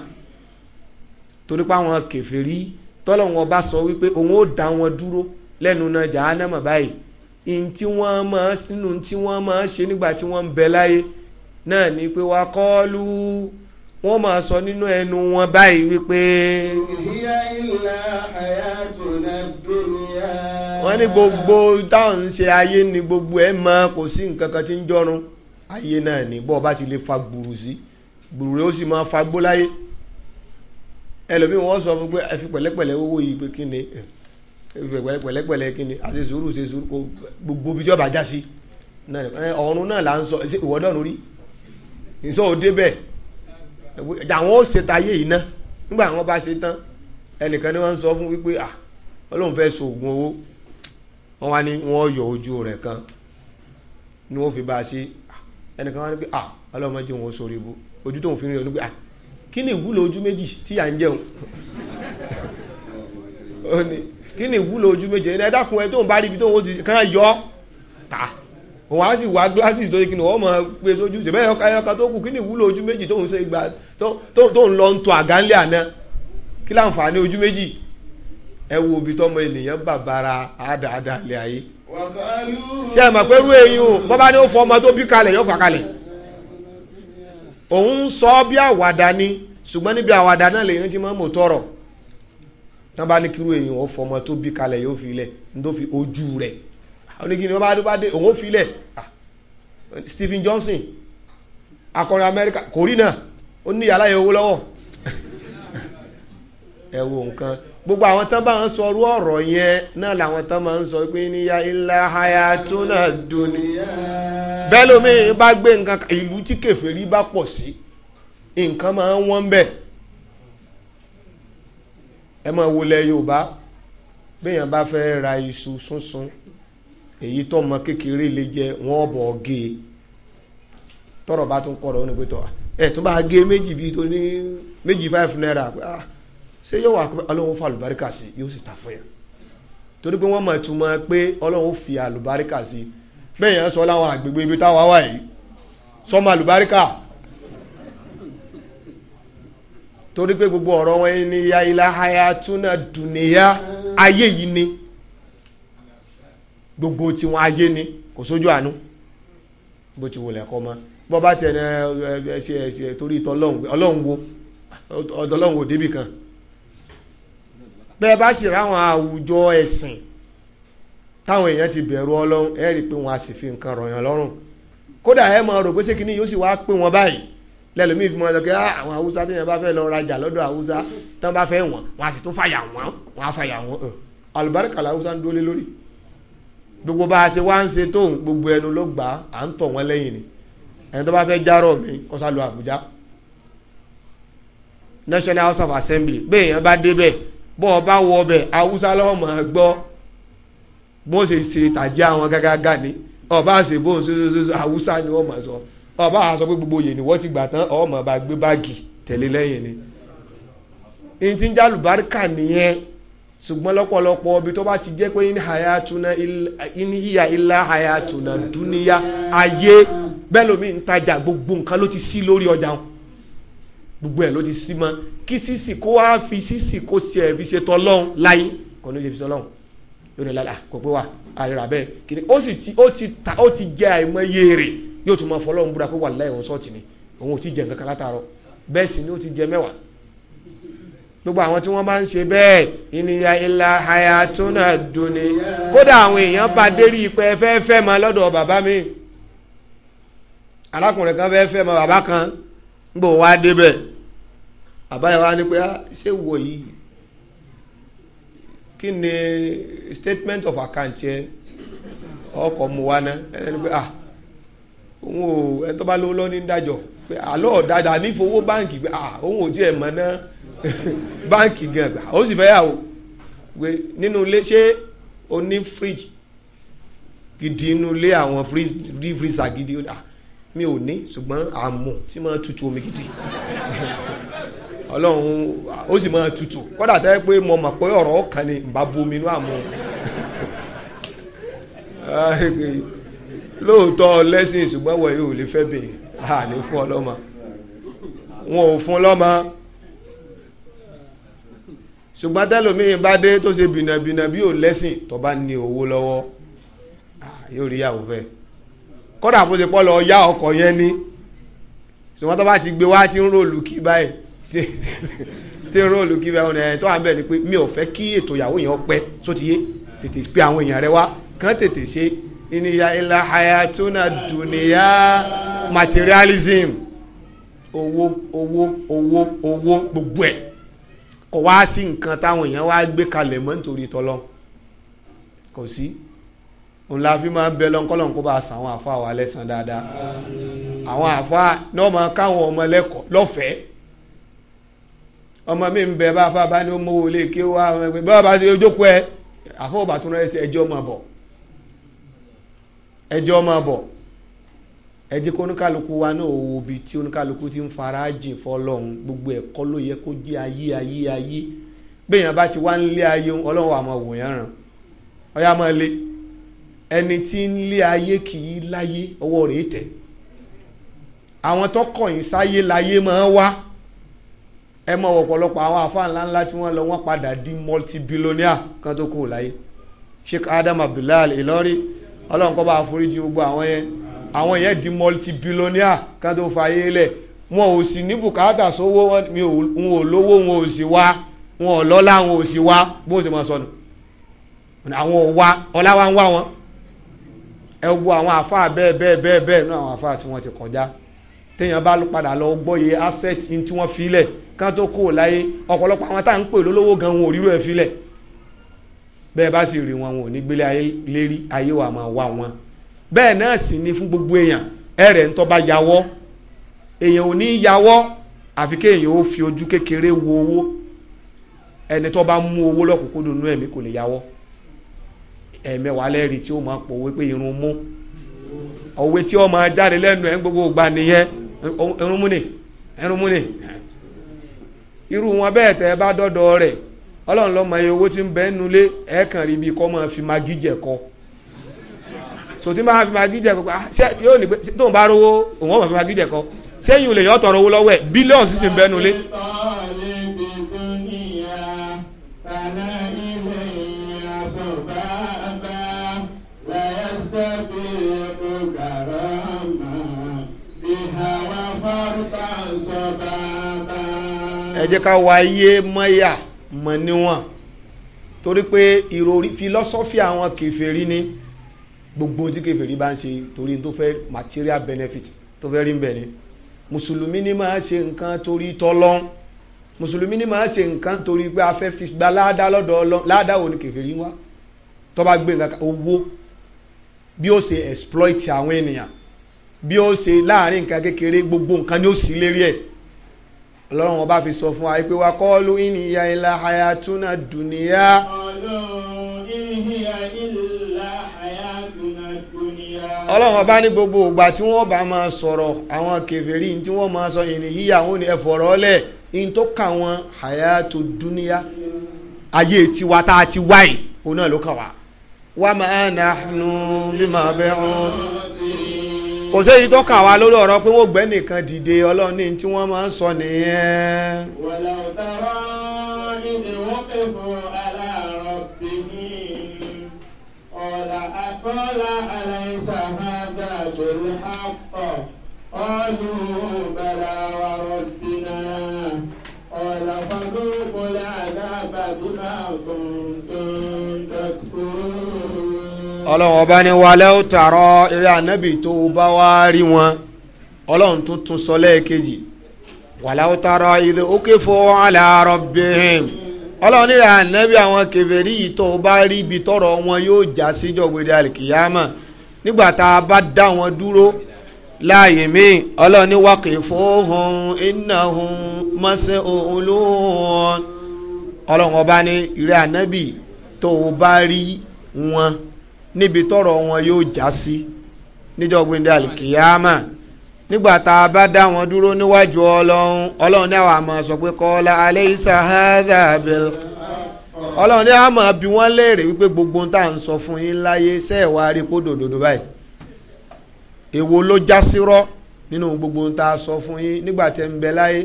torí pé àwọn kèfèrí tọ́lọ́wọ́n bá sọ wípé òun ó dá wọn dúró lẹ́nu náà jahannama báyìí ìyìn tí wọ́n máa nínú tí wọ́n máa ṣe nígbà tí wọ́n ń bẹ láyé náà ni pé wàá kọ́ọ́lù wọ́n máa sọ nínú ẹnu wọn báyìí wípé. ìyá ìlà àyájọ ní gbogbo táwọn ń ṣe ayé ni gbogbo ẹ̀ mọ kò sí nǹkan kan tí ń jọrun ayé náà ní bọ́ọ̀ bá ti lè fa gbùrù sí gbùrù rẹ̀ ó sì máa fagbó láyé ẹlòmíì wọ́n sọ fún pé ẹ fi pẹ̀lẹ́pẹ̀lẹ́ owó yìí pé kí ni pẹ̀lẹ́pẹ̀lẹ́ kí ni àti sùúrù ṣe sùúrù kò gbogbo ibi tí ọba já sí ọ̀run náà là ń sọ ìwọ́dọ̀nù rí ìsọ òde bẹ́ẹ̀ àwọn ó ṣe tayé yìí náà nígbà àwọn bá ṣe tán ẹnìkan ni wọ́n sọ fún wípé ah ọlọ́run fẹ́ so oògùn owó wọ́n wá ní wọ́n yọ ojú rẹ̀ kan ni wọ́n fi bá a sí ẹnìkan wá ní pé à ọlọ́mọdé òun sórí ibu ojú tóun fi ń yọ ní pé à kí ni ìwúlò ojú méjì tí à ń jẹun ó ní kí ni ìwúlò ojú méjì ẹni ẹ dákun ẹ tóun bá rí ibi tóun ó ti kàn yọ tà òun á sì wá glasses tó ní kí ni wọ́n mọ̀ pé sójú ṣẹ̀bẹ́ ẹyọkan tó kù kí ni ìwúlò ojú méjì tóun ṣe gbà tóun lọ ń to àgánlé àná kí láǹfààní ojú méjì ẹ wo ibi tọ́mọ ènìyàn bàbára àádáadáa lé ayé ṣé ẹ mọ̀ pé irú eyín o bọ́bá ni ó fọ ọmọ tó bí kalẹ̀ yóò fà kalẹ̀ òun sọ bí àwàdà ni ṣùgbọ́n níbi àwàdà náà lèyìn tí máa ń mọ̀ tọrọ tán bá ní kírú eyín o fọ ọmọ tó bí kalẹ̀ yóò fi lẹ̀ nítorí fi ojú rẹ̀ onígini wọn bá bá dé òun fi lẹ̀ ah, Stephen Johnson akọrin Amẹ́ríkà kò rí náà ó ní yàrá yẹn lọ́wọ́ [LAUGHS] ẹ wo nǹkan gbogbo àwọn tán bá ń sọ ọrú ọ̀rọ̀ yẹn náà làwọn tán máa ń sọ pé ya ilá duni bẹ́ẹ̀ lómi bá gbé nǹkan ìlú tí ba bá pọ̀ sí nǹkan máa ń wọ́n bẹ́ẹ̀ ẹ máa wọlé Yorùbá ra iṣu sunsun èyí tó ọmọ kékeré lè jẹ wọ́n bọ̀ gé e tọrọ bá tún kọ̀ ọ̀rọ̀ ní pé ẹ̀ tún bá gé méjì bíi five naira ah, ṣé yóò wà pé ọlọ́run fa àlùbáríkà sí yóò sì ta fún yẹn torí pé wọ́n mọ̀ ìtumọ̀ pé ọlọ́run fi àlùbáríkà sí bẹ́ẹ̀ yẹn sọ láwọn àgbègbè ibi táwa wà yìí sọmọ àlùbáríkà torí pé gbogbo ọ̀rọ̀ wọn ni ya ilá haya túnà dùnìyà ayé yìí ni gbogbo tiwọn ayé ni kò sójú àánú bó ti wọlé ẹ̀kọ́ mọ́ bọ́ bá tiẹ̀ ẹ ẹ ṣe ẹ ṣe torí ìtọ́ ọlọ́run wo ọ̀dọ́ ọlọ́run wo débì kan bẹ́ẹ̀ bá sì ráwọn àwùjọ ẹ̀sìn táwọn èèyàn ti bẹ̀rù ọlọ́run ẹ rí i pé wọn a sì fi nǹkan rọ̀yàn lọ́rùn kódà ẹ máa rò pé ṣé kínní yóò sì wáá pé wọn báyìí lẹ́lòmíì fi máa sọ pé ah, àwọn haúsá téèyàn bá fẹ́ lọ rajà lọ́dọ̀ haúsá tán bá fẹ́ wọ̀n wọn a sì tún fàyà wọ́n wọn a fàyà wọ́n alùbáríkà làwùsá ń dólé lórí gbogbo bá a ṣe wá ń ṣe tóun gbogbo ẹnu ló gbà á ń tọ̀ wọ́n lẹ́yìn ni ẹni tó bá fẹ́ járọ̀ mi kó sá Àbújá National House of Assembly bẹ́ẹ̀ yẹn bá débẹ̀ bọ́ ọ bá wọ ọbẹ̀ haúsá lọ́wọ́ mọ̀ ọ́ gbọ́ bó ṣe ṣe tàjẹ́ àwọn gágágá ni ọba ṣe bó ń ṣoṣoṣo haúsá ni wọ́n mọ̀ sọ ọba àṣọ pé gbogbo yẹn ni wọ́n ti gbà tán ọmọ bá gbé báàgì tẹ̀lé lẹ́yìn ni ntí ń jálùbáríkà nìyẹn ṣùgbọ́n lọ́pọ̀lọpọ̀ ibi tó bá ti jẹ́ pé ní ilá hayatuna dúníyà ayé bẹ́ẹ̀ lómi ń tajà gbogbo nǹkan ló ti sí lórí ọjà wọn gbogbo ẹ̀ ló ti sí mọ́ kí sísì kó wá fi sísì kó ṣe ẹ̀ fi ṣe tọ́lọ́hún láyé kò ní lè fi tọ́lọ́hún yóò ní lálà kò pé wà àrírà bẹ́ẹ̀ kìnìún ó sì ti ó ti ta ó ti jẹ àìmọye èrè yóò tún máa fọlọ́hún búra pé wà láyé òun sọ́ọ̀tì ni òun ò ti jẹ nǹkan kan látàárọ̀ bẹ́ẹ̀ sì ni ó ti jẹ mẹ́wàá gbogbo àwọn tí wọ́n bá ń ṣe bẹ́ẹ̀ ìníyà ilà hayatuna duni kódà àwọn èèyàn bá dérí ipẹ́ fẹ́ẹ́ fẹ́ mọ lọ́dọ̀ bàbá mi arákùnrin kan fẹ́ẹ́ fẹ́ mọ bàbá kan ngbò wá débẹ̀ bàbá yẹn wá ní pé ah, ṣé wò yìí kí ni statement of account yẹ ọkọ̀ mu wá ná ẹni pé ah òun ò ẹni tó bá lówó lọ́ní dájọ́ pé àlọ́ ọ̀dájà nífowó báǹkì pé ah òun ò tiẹ̀ mọ̀ ná [LAUGHS] báǹkì gan gbà ó sì fẹ́ yà wò pé nínú ilé ṣé o ní fridge gidi inú ilé àwọn freezer gidi ah mi ò ní ṣùgbọ́n àmọ̀ tí máa tutù omi gidi ọlọ́run ó sì máa tutù kódà tẹ́ pé mo mọ̀ pé ọ̀rọ̀ kan ni bá bomi inú àmọ̀ lóòótọ́ lẹ́sìn ṣùgbọ́n wọ̀ yóò lè fẹ́ bèèrè àní fún ọlọ́mọ wọn ò fún lọ́mọ ṣùgbọ́n tẹ́lòmíín bá dé tó ṣe bìnàbìnà bí ò lẹ́sìn tó bá ní owó lọ́wọ́ yóò rí ìyàwó fẹ́ẹ́ kódà bó ṣe pọ́ lọ ya ọkọ̀ yẹn ni ṣùgbọ́n tó bá ti gbé wá tí ń rò lùkì báyìí tí ń rò lùkì báyìí ẹ̀ tó à ń bẹ̀ ni pé mi ò fẹ́ kí ètò ìyàwó yẹn pẹ́ só ti yé tètè pe àwọn èèyàn rẹ wá kán tètè ṣe ìníyà ilà hayatuna dùnìyà materialism owó owó owó owó gbogbo ẹ̀ kò wá sí nǹkan táwọn èèyàn wá gbé kalẹ̀ mọ́ nítorí tọ́lọ́ kò sí òun la fi máa ń bẹ lọ́nkọ́lọ́n kó bá a san àwọn àfa wa lẹ́sàn dáadáa àwọn àfa náà máa káwọn ọmọ lẹ́kọ̀ọ́ lọ́fẹ̀ẹ́ ọmọ mi ń bẹ bá afa bá ní ọmọ wo lè ké wa ọmọ ẹgbẹ́ bá bá ti ojókòó ẹ àfọwọ́ bá tún rẹ sí ẹjọ́ máa bọ̀ ẹjọ́ máa bọ̀ ẹ jẹ́ kó oníkàlùkù wa náà wo ibi tí oníkàlùkù ti fara jìn fọlọ́run gbogbo ẹ̀kọ́ ló kó jẹ́ ayé ayé ayé bẹ́ẹ̀ yẹn bá ti wá ń lé ayé ọlọ́run àmọ́ wòyàn ràn ọ̀yà máa lé ẹni tí ń lé ayé kì í láyé ọwọ́ rẹ̀ tẹ̀ àwọn tó kọ̀yìn sáyé láyé máa wá ẹ mọ ọ̀pọ̀lọpọ̀ àwọn àfa ńlá ńlá tí wọ́n lọ wọ́n padà di multibillionaire kan tó kù láyé Sheikh Adam Abdullahi Ìlọrí ọlọ́run kọ́ bá àforíjì gbogbo àwọn yẹn àwọn yẹn di multibillionaire kan tó fa ayé lẹ̀ wọn ò sì ní bùkátà sówó wọn ò lówó wọn ò sì wá wọn ò lọ́lá wọn ò sì wá bó ṣe máa sọnù àwọn ò wá ọlá wa ń wá wọn ẹ wo àwọn àfáà bẹ́ẹ̀ bẹ́ẹ̀ bẹ́ẹ̀ bẹ́ẹ̀ náà àwọn àfáà tí wọ́n ti kọjá téèyàn bá padà lọ gbọ́yé asset in tí wọ́n filẹ̀ kán tó kó o láyé ọ̀pọ̀lọpọ̀ àwọn tá à ń pè lólówó gan wọn ò ríro ẹ̀ filẹ̀ bẹ́ẹ̀ bá sì rí wọn wọn ò ní gbélé ayé lérí ayé wa máa wá wọn bẹ́ẹ̀ náà sì ni fún gbogbo èèyàn ẹ̀rẹ̀ ń tó yàwọ́ èèyàn ò ní yàwọ́ àfi kéèyàn ó fi ojú kékeré wo owó ẹni tó mú owó lọ́kùnkúndùn nú ẹ̀mí kò lè yàwọ́ ẹ̀ẹ̀mẹwàá lẹ́rìí tí ó máa pòwe pé irun mú òwe tí ó máa jáde lẹ́nu ẹ̀ ń gbogbo gbà nìyẹn irun mú ni irun mú ni irú wọn bẹ́ẹ̀ tẹ́ ẹ bá dọ́dọ̀ rẹ̀ owó tí ń bẹ́ẹ̀ nulẹ̀ ẹ̀ kàn rí kọ́ máa fi magi jẹ̀ kọ́ sòtí máa fi kọ́ ah, ṣé yóò ní bá rówó òun ó máa fi kọ́ تبيق كراما بها وفرطا صبابا ẹ jẹ́ ká wá ayé mọ́yà mọ̀ níwọ̀n torí pé ìròrí fílọ́sọ́fì àwọn kèfèrí ni gbogbo tí kèfèrí bá ń ṣe torí tó fẹ́ material benefit tó fẹ́ rí ń bẹ̀ ni mùsùlùmí ni máa ṣe nǹkan torí tọ́lọ́n mùsùlùmí ni máa ṣe nǹkan torí pé a fẹ́ fi gba láàdá lọ́dọ̀ ọlọ́n wo ni kèfèrí wá tó gbé nǹkan owó bí ó ṣe exploit àwọn ènìyàn bí ó ṣe láàrin nǹkan kékeré gbogbo nǹkan ni ó sì lérí ẹ̀ ọlọ́run ọba fi sọ fún wa pé wa kọ́ọ́lù ìníyà ilà hayatuna dùnìyà. ọlọ́run ọba ní gbogbo ìgbà tí wọ́n bá máa sọ̀rọ̀ àwọn kèfèrí tí wọ́n máa sọ ìníyà òun ni ẹ̀fọ̀rọ̀ ọlẹ̀ in tó kà wọ́n hayatu dùnìyà ayé tiwa tá a ti wáyé òun náà ló kà wá wàmà nàánú bímọ bẹ́rùn kò sí èyí tó kàn wá lórí ọ̀rọ̀ pé wọ́n gbẹ́ nìkan dìde ọlọ́run ní tí wọ́n máa ń sọ nìyẹn. wàlá ọ̀tàrọ̀ nínú wọn pè fún aláàárọ̀ bíbí ọ̀là àfọlá aláìsàmádà pẹ̀lú àpọ̀ ọdún bàrà wà rọ̀bìnà ọ̀là fàdúkọ̀lá àdàbàdúrà kùn tó ń tọ́kù ọlọ́run ọba ní wàlẹ́ ó tààrọ eré ànábì tó bá wá rí wọn ọlọ́run tó tún sọ lẹ́ẹ̀kejì wàlẹ́ ó tààrọ ìdè òkè fún aláàárọ̀ bẹ́ẹ̀m ọlọ́run ní ànábì àwọn kèfèrí yìí tó bá rí ibi tọ́rọ̀ wọn yóò já síjọ́ gbèdé àlìkìyàmà nígbà tá a bá dá wọn dúró láàyè míì ọlọ́run ní wákè fún iná mọ́sẹ́ olóhùn ọlọ́run ọba ní ìrẹ́ ànábì tó bá rí wọn níbi tọrọ wọn yóò já sí níjọ́ gbẹndé alikiyama nígbà tá a bá dá wọn dúró níwájú ọlọ́run ọlọ́run ní àwọn àmọ́ sọ pé kọ́lá alaysa hadha bil ọlọ́run ní àmọ́ bí wọ́n léèrè wípé gbogbo tá à ń sọ fún yín láyé sẹ́ẹ̀wá rí kó dòdòdò báyìí èwo ló já sírọ́ nínú gbogbo tá a sọ fún yín nígbà tẹ́ ń bẹ láyé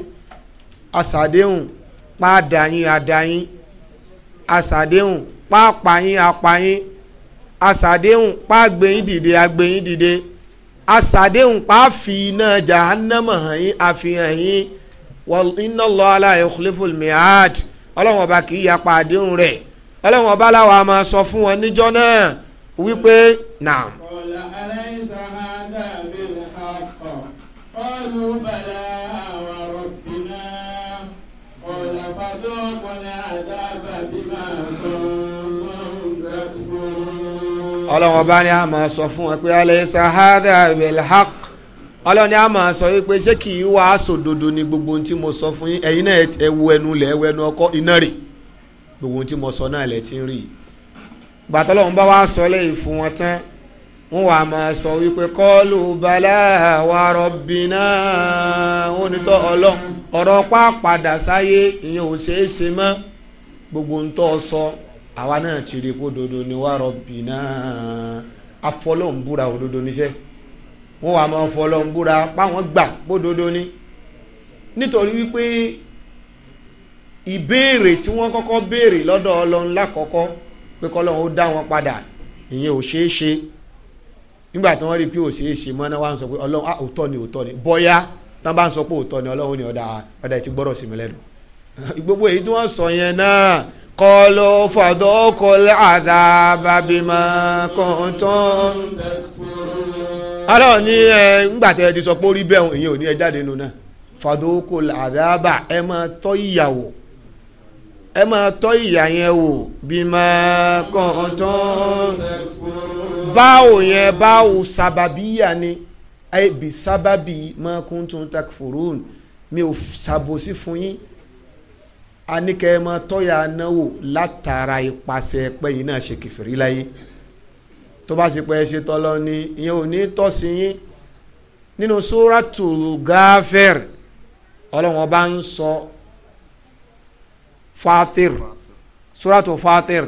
asàdéhùn pàdà yín asàdéhùn pàpà yín asàdéhùn pa agbẹ̀yìn dìde agbẹ̀yìn dìde asàdéhùn pa fi iná jahannama hàn yín àfihàn yín inna Allaha la yukhliful mi'ad ọlọ́run ọba kì í yapa àdéhùn rẹ̀ ọlọ́run ọba làwọn a máa sọ fún wọn níjọ́ náà wípé nà. qala alaysa hadha bil haqq qalu bala. ọlọ́run ọba ni a máa sọ fún wọn pé alaysa hadha bil haqq ọlọ́run ni a máa sọ wípé ṣé kì í wá aṣòdodo ni gbogbo ohun tí mo sọ fún yín ẹ̀yin náà ẹ wo ẹnu lẹ̀ ẹ wo ẹnu ọkọ iná rè gbogbo ohun tí mo sọ náà lẹ̀ ti ń rí i gbàtọ́ lọ́run bá wá sọ lẹ́yìn fún wọn tán wọ́n wà máa sọ wípé kọ́ọ̀lù balẹ̀ wa rabbina onítọ̀ ọlọ́run ọ̀rọ̀ pàpàdà sáyé ìyẹn ò ṣeé ṣe mọ́ gbogbo ohun tó sọ àwa náà ti rí kó dodo ni wà rọ̀bì náà afọlọ́nbúra òdodo níṣẹ́ wọ́n wà máa fọlọ́nbúra páwọn gbà bódodo ni nítorí wípé ìbéèrè tí wọ́n kọ́kọ́ béèrè lọ́dọ̀ ọlọ́run lákọ́kọ́ pé kọ́lọ́run ó dá wọn padà ìyẹn ò ṣeé ṣe nígbà tí wọ́n rí pé ò ṣeé ṣe mọ́ náà wá ń sọ pé ọlọ́run ah, òótọ́ ni òótọ́ ni bọ́yá tí wọ́n bá ń sọ pé òótọ́ ni ọlọ́run ni ọ̀dà ọ̀dà ti gbọ́rọ̀ sí mi lẹ́nu [LAUGHS] gbogbo èyí tí wọ́n sọ yẹn náà قالوا فذوقوا العذاب بما كنتم ọlọ́run ní ẹ ńgbà tẹ́ ẹ ti sọ pé ó rí bẹ́ẹ̀ èyí ò ní ẹ jáde nù náà fàdókò làdábà ẹ máa tọ́ ìyàwó ẹ máa tọ́ ìyà yẹn wò bí máa kàn tán báwo yẹn báwo sábàbíyà ni ẹ bí sábàbí máa kún takfurun mi ò ṣàbòsí fún yín anikẹ́mọ tọ́yà náwó látara ipasẹ̀ pé yìí náà ṣe kìfìrí láyé tó bá sì pé ṣe tọ́lọ ni ìyẹn ò ní tọ́sí yín nínú sóràtù gáfẹ́r ọlọ́run ọba ń sọ fatir sóràtù fatir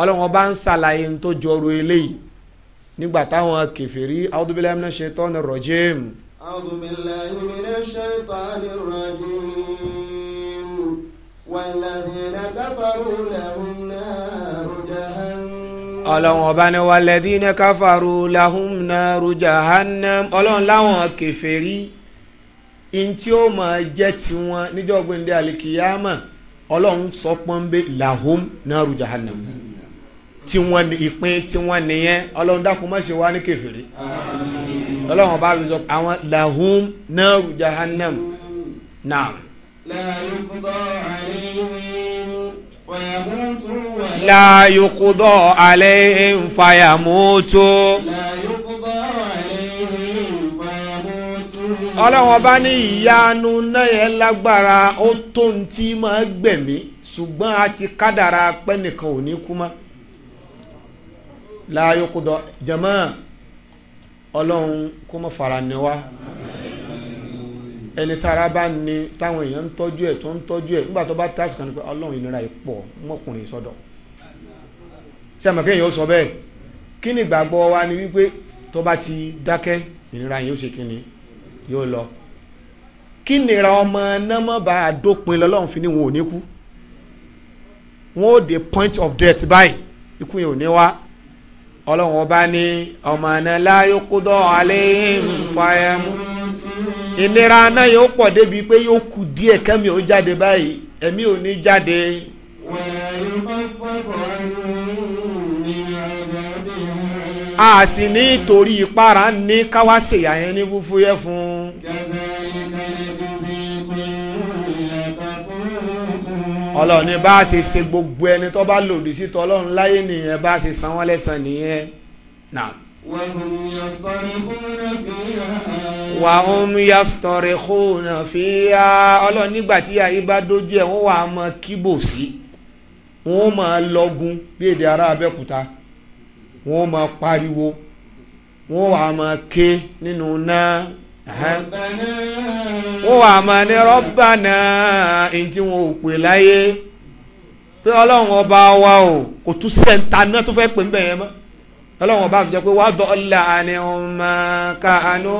ọlọ́run ọba ń ṣàlàyé ń tó jọrọ eléyìí nígbà táwọn kìfìrí a'udhu billahi minash shaitani rrajim. a'udhu billahi minash shaitani rrajim. والذين كفروا لهم نار جهنم ọlọ́run ọba ni waladhina kafaru lahum naru jahannam ọlọ́run láwọn kèfèrí ntí ó máa jẹ́ tiwọn níjọ́ gbẹ̀ndé alikiyama ọlọ́run sọ pọ́nbé lahum naru jahannam tiwọn ìpín tiwọn nìyẹn ọlọ́run dákun má ṣe wá ní kèfèrí ọlọ́run ọba mi sọ àwọn lahum naru jahannam naam. لا يقضى عليهم فيموتوا لا يقضى عليهم لا يقضى عليهم فيموتوا ọlọ́run ọba ní ìyanu náà yẹn lágbára ó tó ń tí máa gbẹ̀mí ṣùgbọ́n a ti kádàrá pẹ́ nìkan ò ní kú mọ́ la yókù dọ̀ ọlọ́run kó mọ̀ fara ni wá. Amen ẹni tára bá ní táwọn èèyàn ń tọ́jú ẹ̀ tó ń tọ́jú ẹ̀ nígbà tó bá tásì kan ní pé ọlọ́run ìnira yìí pọ̀ mọ́kùnrin sọ́dọ̀ ṣé àmọ́ kéèyàn ó sọ bẹ́ẹ̀ kí ni ìgbàgbọ́ wa ni wípé tó bá ti dákẹ́ ìnira yìí ó ṣe kí ni yóò lọ kí nira ọmọ náà mọ́ lọ́lọ́run fi ni wọn ò ní kú wọn ò dé point of death báyìí ikú yẹn ò ní wá ọlọ́run ọba ní ọmọ náà láyé kó dọ́ àléhìn fàyàmù ìnira náà yóò pọ̀ débi pé yóò kù díẹ̀ kẹ́mi ò jáde báyìí ẹ̀mí ò ní jáde. a sì ní torí ìpara ní káwá ṣèyà yẹn ní fúfúyẹ́ fún un. bá a ṣe ṣe gbogbo ẹni tó bá lòdì sí tọ́lọ́run láyé nìyẹn bá a ṣe san wọ́n lẹ́san nìyẹn náà. وهم يصطرخون فيها وهم يصطرخون فيها ọlọ́run nígbà tí ayé bá dojú ẹ̀ wọ́n wà á mọ kíbò sí wọ́n máa lọ́gun bí èdè ará abẹ́kúta wọ́n máa pariwo wọ́n wà á máa ké nínú náà wọ́n wà á máa ní rọ́bà náà èyí tí wọ́n ò pè láyé pé ọlọ́run ọba wa o kò tún sẹ́ńtà náà tó fẹ́ pè ń bẹ̀yẹn mọ́ ọlọ́run ọba àfijọ́ pé wà á dọ̀ ọ́lá àní ọmọ kàánú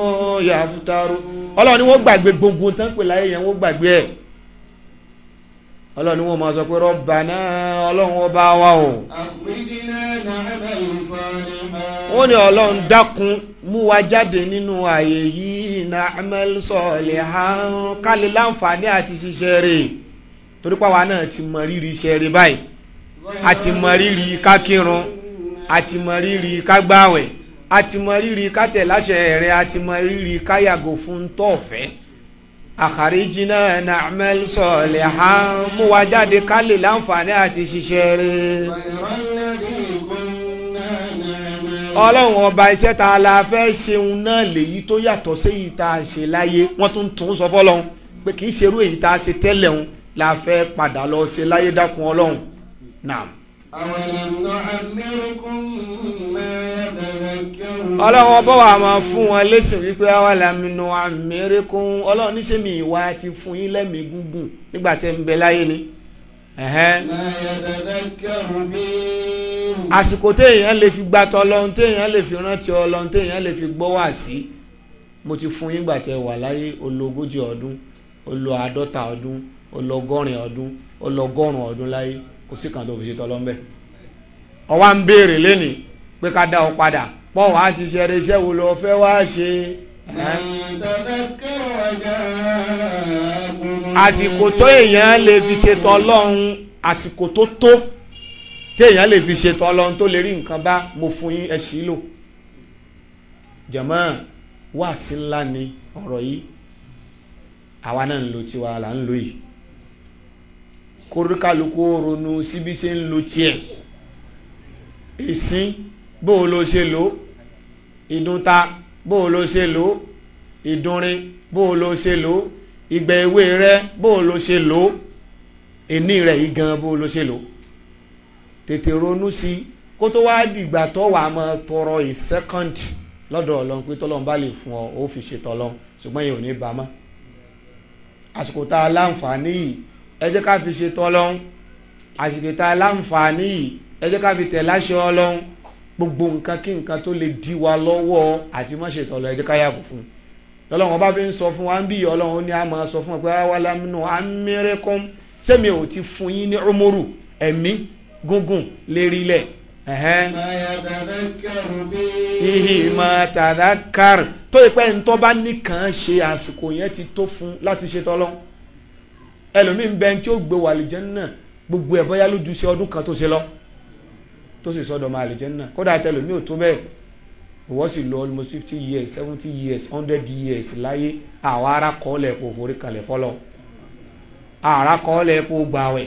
yàtúntàrú ọlọ́run ni wọ́n gbàgbé gbogbo tán pè láyé yẹn wọ́n gbàgbé ẹ̀ ọlọ́run ni wọ́n máa sọ pé rọ́bàná ọlọ́run ọba wa o. wọ́n ní ọlọ́run dákun mú wa jáde nínú ààyè yìí nàmẹ́lì sọ̀lẹ̀ hàn kálí láǹfààní àti ṣiṣẹ́ rẹ̀ torípàwá náà ti mọ rírì iṣẹ́ rẹ̀ báyìí àti mọ rírì kákírun àti mọ rírì ká gbàwẹ̀ àti mọ rírì ká tẹ̀ láṣẹ rẹ̀ àti mọ rírì ká yàgò fún tọ̀fẹ́ àkàríjìnà nàmẹ́l sọ̀lẹ̀ ha mú wa jáde ká lè láǹfààní àti ṣiṣẹ́ rẹ̀. ọlọ́run ọba iṣẹ́ tá a la fẹ́ ṣeun náà lèyí tó yàtọ̀ séyìí tá a ṣe láyé wọ́n tún tún sọ fọ́lọ́run pé kì í ṣerú èyí tá a ṣe tẹ́lẹ̀ òun la fẹ́ padà lọ ṣe láyé dákun ọlọ́run náà ọlọ́run ọbọ̀ wa máa fún wọn lẹ́sìn wípé awàláminu amẹ́ríkún ọlọ́run níṣẹ́ mi ìwà ti fún yín lẹ́mí gúngùn nígbà tẹ́ ń bẹ láyé ni. àsìkò téèyàn lè fi gbàtọ̀ ọlọ́run téèyàn lè fi rántí ọlọ́run téèyàn lè fi gbọ́ wá sí mo ti fún yín gbà tẹ́ wà láyé ológójì ọdún olóàádọ́ta ọdún ológọ́rin ọdún ológọ́rùn ọdún láyé kò sí kan tó fi ṣe tọ́lọ́ ń bẹ̀ ọwọ́ à ń béèrè lẹ́nìí pé ká dá ọ padà pọ̀ wá ṣiṣẹ́ rẹ iṣẹ́ wo lọ fẹ́ wá ṣe. àsìkò tó èèyàn lè fi ṣe tọ́lọ́hún àsìkò tó tó téèyàn lè fi ṣe tọ́lọ́hún tó lè rí nǹkan bá mo fún yín ẹ ṣì lò jàmá wáàsí ńlá ni ọ̀rọ̀ yìí àwa náà ń lo tiwa là ń lo yìí kórìkàlùkù ronú síbi ṣe ń lo tiẹ̀ ìsín bó o ló ṣe lò ìdúnta bó o ló ṣe lò ìdúnrin bó o ló ṣe lò ìgbà èwe rẹ bó o ló ṣe lò ẹni rẹ yìí gan bó o ló ṣe lò tètè ronú sí kó tó wá dìgbà tó wà á máa tọrọ ìsẹ́kọ̀ǹdì lọ́dọ̀ ọlọ́run pé tọ́lọ́run bá lè fún ọ ó fi ṣètò ọlọ́run ṣùgbọ́n yìí ò ní bá a mọ́ àsìkò tá a láǹfààní yìí ẹ jẹ́ ká fi ṣe tọ́lọ́hún àsìkò tá a láǹfààní yìí ẹ jẹ́ ká fi tẹ̀ láṣẹ ọlọ́hún gbogbo nǹkan kí nǹkan tó lè dí wa lọ́wọ́ àti má ṣe tọ́lọ́ ẹ jẹ́ ká yàgò fún un lọ́lọ́run ọba fi ń sọ fún wa ń bí ọlọ́run ó ní a sọ fún ọ pé wá lámínú amírẹ́kọ́m sẹ́mi ò ti fún yín ní ọmọrù ẹ̀mí gúngùn lérílẹ̀ ihi ma tó ìpẹ́ ntọ́ bá nìkan ṣe àsìkò yẹn ti tó fún láti ṣe tọ́lọ́hún ẹlòmíì ń bẹ tí ó gbé wà àlìjẹ́nà gbogbo ẹ̀ bọ́yá lójú sí ọdún kan tó ṣe lọ tó sì sọ́dọ̀ ọmọ àlìjẹ́nà kódà tẹlòmíì ò tó bẹ́ẹ̀ ìwọ sì lọ almost fifty years seventy years hundred years láyé àwọn ará kọ́ọ̀lẹ̀ kò forí kalẹ̀ fọlọ́ àrà kọ́ọ̀lẹ̀ kò gbàwẹ̀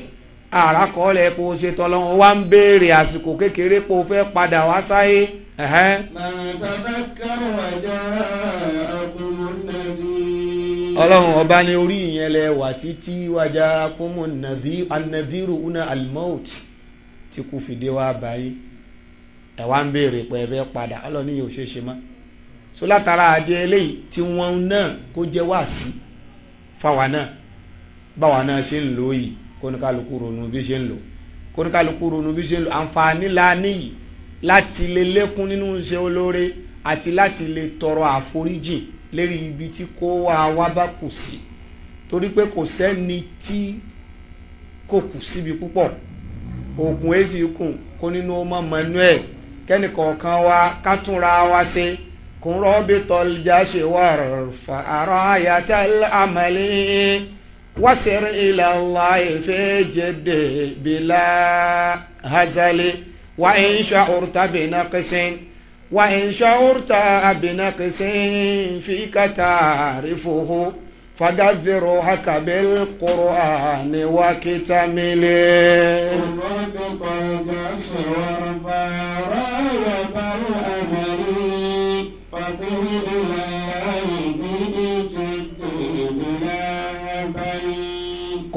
àrà kọ́ọ̀lẹ̀ kò ṣètò ọlọ́run wá ń béèrè àsìkò kékeré kò fẹ́ padà wá sáyé. màtàbá kárọ̀ àjọ àwọn ọlọ́run ọba ní orí ìyẹn lẹ wà títí wájà kúmù anadiru una almout tí kú fìdí wa báyìí ẹ wá ń béèrè pẹ̀ẹ́bẹ́ padà ọlọ́run yìí ò ṣeé ṣe mọ́ so látara adé eléyìí tí wọ́n náà kó jẹ́ wá sí fáwa náà báwa náà ṣe ń lò yìí kóníkàlùkù ronú bí ṣe ń lò kóníkàlùkù ronú bí ṣe ń lò àǹfààní la níyì láti lè lékún nínú iṣẹ́ olóore àti láti lè tọrọ àforíjìn lérí ibi tí kó wá wá bá kù sí torí pé kò sẹ́ni tí kò kù síbi púpọ̀ oògùn èsì kùn kó nínú ọmọ manuel kẹ́nìkọ̀ọ̀kan wa ká túnra wa ṣe kún rọ́bì tọ́ljà ṣe wà rọ̀fà àrọ́ àyàtà àmàlẹ́ ife ilẹ̀ ọ̀la ìfẹ́ jẹ́dẹ̀ bílà hazali wà ń tabi tàbí nàkẹ́sìn. wa in sha'urta binaqisin fika ta'rifuhu fagadiru hakabil qur'ani wa kitamile.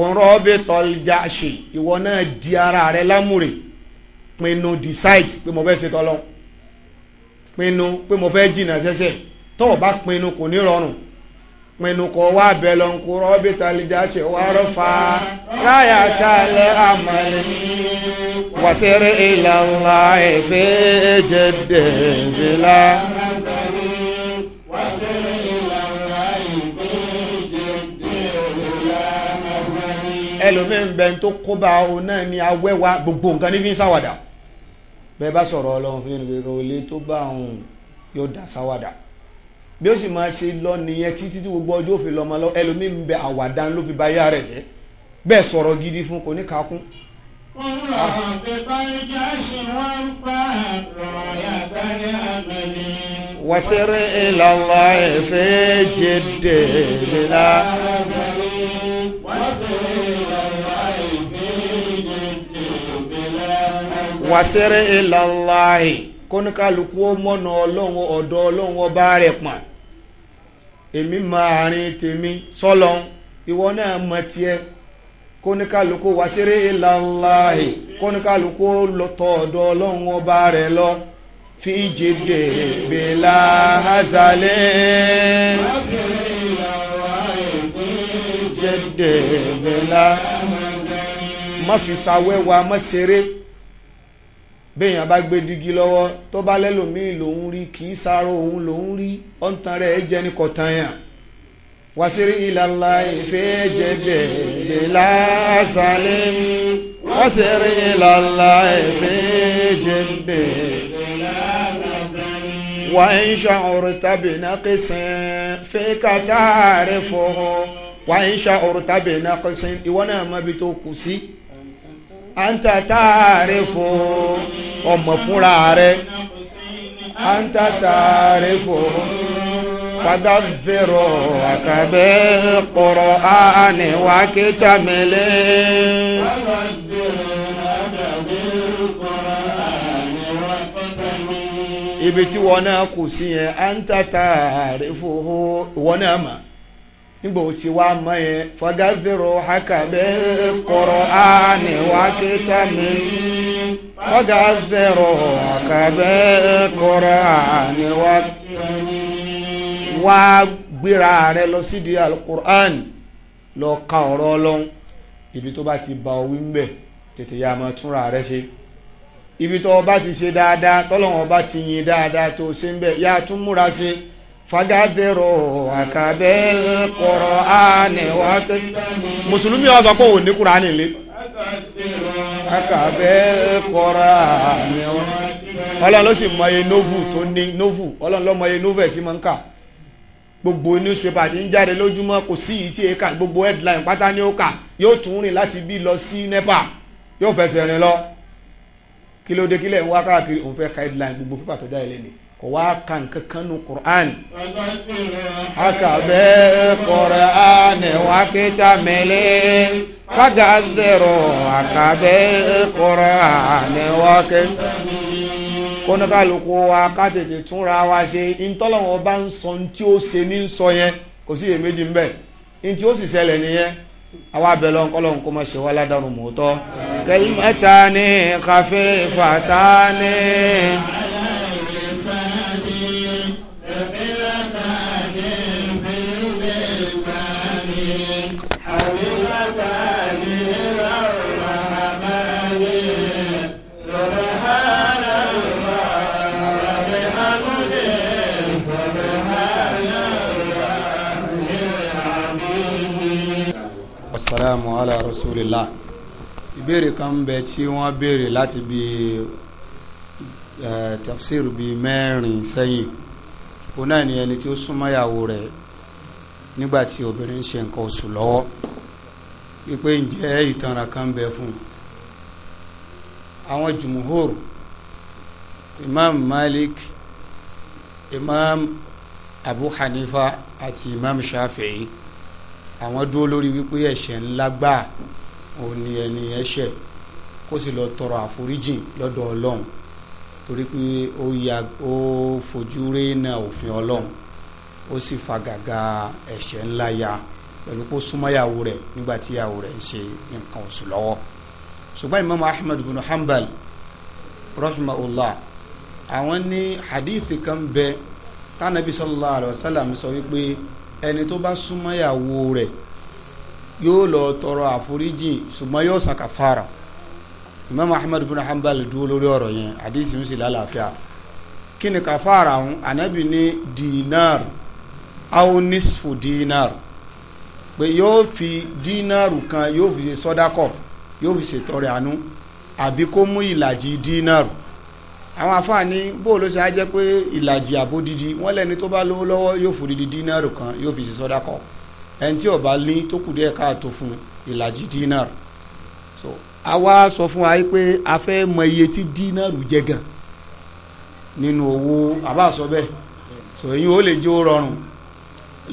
kùnrọ́bì tọ́ljáṣe ìwọ náà di ara rẹ lámùrè pinnu decide pé mo fẹ́ ṣe tọ́lọ́hún. pinnu pé mo fẹ́ jìnnà sẹ́sẹ̀ tó o bá pinnu kò ní rọrùn pinnu kọ wá bẹ lọ rọ́bì ṣe wá àmàlẹ́ wàṣẹ́rẹ́ ìlànà ẹ̀fẹ́ ẹlòmíín bẹ́ẹ̀ tó gbogbo nǹkan ní fi bẹ́ẹ̀ bá sọ̀rọ̀ ọlọ́run fún yín rọlé tó bá òun yóò dà sáwàdà bí ó sì máa ṣe lọ nìyẹn títí tí gbogbo ọjọ́ òfin lọ́mọ lọ ẹlòmíín bẹ àwàdà ló fi báyà rẹ̀ jẹ́ bẹ́ẹ̀ sọ̀rọ̀ gidi fún kò ní kakún. wàṣẹ́rẹ́ ìlànà ìfẹ́ jẹ́ dèbìlà. wasere ìlàláì kóníkàlùkù ó mọ̀nà ọlọ́run ọ̀dọ̀ ọlọ́run ọba rẹ̀ pọ̀n èmi máa tèmi sọ́lọ́n ìwọ náà mọ̀ tiẹ̀ kóníkàlùkù wàṣẹ́rẹ́ ìlàláì lọ fi jìde bèlà bela jìde béèyàn bá gbé dígí lọ́wọ́ tó bá lẹ́lòmíì lòún rí kì í sáró òun lòún rí ọ̀ǹtàn rẹ̀ jẹ́ ní kọ̀tàyàn wasiri ilala ife jẹbẹ bila salim wasiri ilala ife jẹbẹ bila salim wa in sha'urta bi naqisin fi ka ta'rifuhu wa in sha'urta bi naqisin ìwọ náà mọ̀ bi tó kù sí. anta taarifu ọmọ fúnra rẹ anta taarifu fadàbẹ̀rọ àkàbẹ̀ kọ̀rọ̀ àníwá kẹ́tàmẹ́lẹ́. ibi tí wọn náà kù sí yẹn anta taarifu wọn náà mà nígbà ó ti wá mọ́ yẹn fọ́gázírò hákàbẹ́ kọ̀rọ̀ á ní wá kéta mi fọ́gázírò hákàbẹ́ kọ̀rọ̀ á ní wá kéta mi. wá gbéra rẹ lọ sídìí alukur'an lọ ka ọ̀rọ̀ ọlọ́run ibi tó bá ti ba ọ wí ń bẹ̀ tètè yá máa túnra rẹ ṣe ibi tó o bá ti ṣe dáadáa tọ́lọ́wọ́n bá ti yin dáadáa tó o ṣe ń bẹ̀ ṣe fagadero akabe kọrọani wate. mùsùlùmí wa sọ ko o ní kurani le. akabe kọrọani wate. ọlọ́run ló sì mọ iye novu tó ní novu ọlọ́run ló mọ iye novu ẹ̀ tí mo ń kà gbogbo newspaper ti ń jáde lójúmọ́ kò sí yìí tí e kà gbogbo headline pátá ni ó kà yóò tún rìn láti bí lọ sí nepa yóò fẹsẹ̀ rìn lọ kí ló dé kí lẹ̀ ń wá káàkiri òun fẹ́ ka headline gbogbo pípà tó jáde lẹ́nu kò wá ka kan nu Qur'an. akabe Qur'an wa kitamili kadazero akabe Qur'an wa kitamili. kónúkàlùkù wa ká tètè túnra wa ṣe ntọ́lọ́wọ́ bá ń sọ ní tí ó ṣe ní sọ yẹn kò sí èméjì ń bẹ̀ ní tí ó sì ṣẹlẹ̀ nìyẹn àwa abẹ́lẹ́ ọ̀nkọ́lọ́ nǹkó máa ṣe wá ládàrú mọ́tọ́. kalimata ni kàfé fàtà ni. salamu ala rasulillah ìbéèrè kan ń bẹ tí wọ́n béèrè láti bí tafsir bíi mẹ́rin sẹ́yìn òun náà ni ẹni tí ó súnmọ́ ìyàwó rẹ̀ nígbà tí obìnrin ń ṣe nǹkan oṣù lọ́wọ́ wípé ǹjẹ́ ìtanràn kan bẹ fún un àwọn jùmùhóòrù imam malik imam abu hanifa àti imam shafi'i àwọn dúró lórí wípé ẹ̀ṣẹ̀ ńlá gbà òní ẹni ẹ̀ṣẹ̀ kó sì lọ tọrọ àforíjì lọ́dọ̀ ọlọ́run torí pé ó ya ó fojú rí na òfin ọlọ́run ó sì fagàgà ẹ̀ṣẹ̀ ńlá ya pẹ̀lú kó súnmọ́yàwó rẹ̀ nígbà tí ìyàwó rẹ̀ ń ṣe nǹkan oṣù lọ́wọ́ ṣùgbọ́n imam ahmed bin hanbal rahimahullah àwọn ní hadith kan bẹ tánàbí sallallahu alayhi wa sallam sọ wípé ẹni tó bá súnmọ́ ìyàwó rẹ̀ yóò lọ tọrọ àforíjì ṣùgbọ́n yóò san kàfàrà imam ahmed bin hanbal dúró lórí ọ̀rọ̀ yẹn àdìsí ń sì lálàáfíà kí ni kàfàrà ń anabi ní dinar au nisfu dinar pé yóò fi dinar kan yóò fi ṣe sọ́dákọ̀ yóò fi ṣètọrẹ àánú àbí kó mú ìlàjì dínàrù àwọn àfààní bó ló ṣe á jẹ́ pé ìlàjì àbódidi wọ́n lẹ́ni tó bá lówó lọ́wọ́ yóò fòdìdí dínárù kan yóò fi ṣe sọ́dá kọ́ ẹni tí ọba ní tó kù díẹ̀ káàtó fún ìlàjì dínárù so a wá sọ fún wa pé a fẹ́ mọ iye tí dínárù jẹ gan nínú owó àbá sọ bẹ́ẹ̀ so èyí ó lè jó rọrùn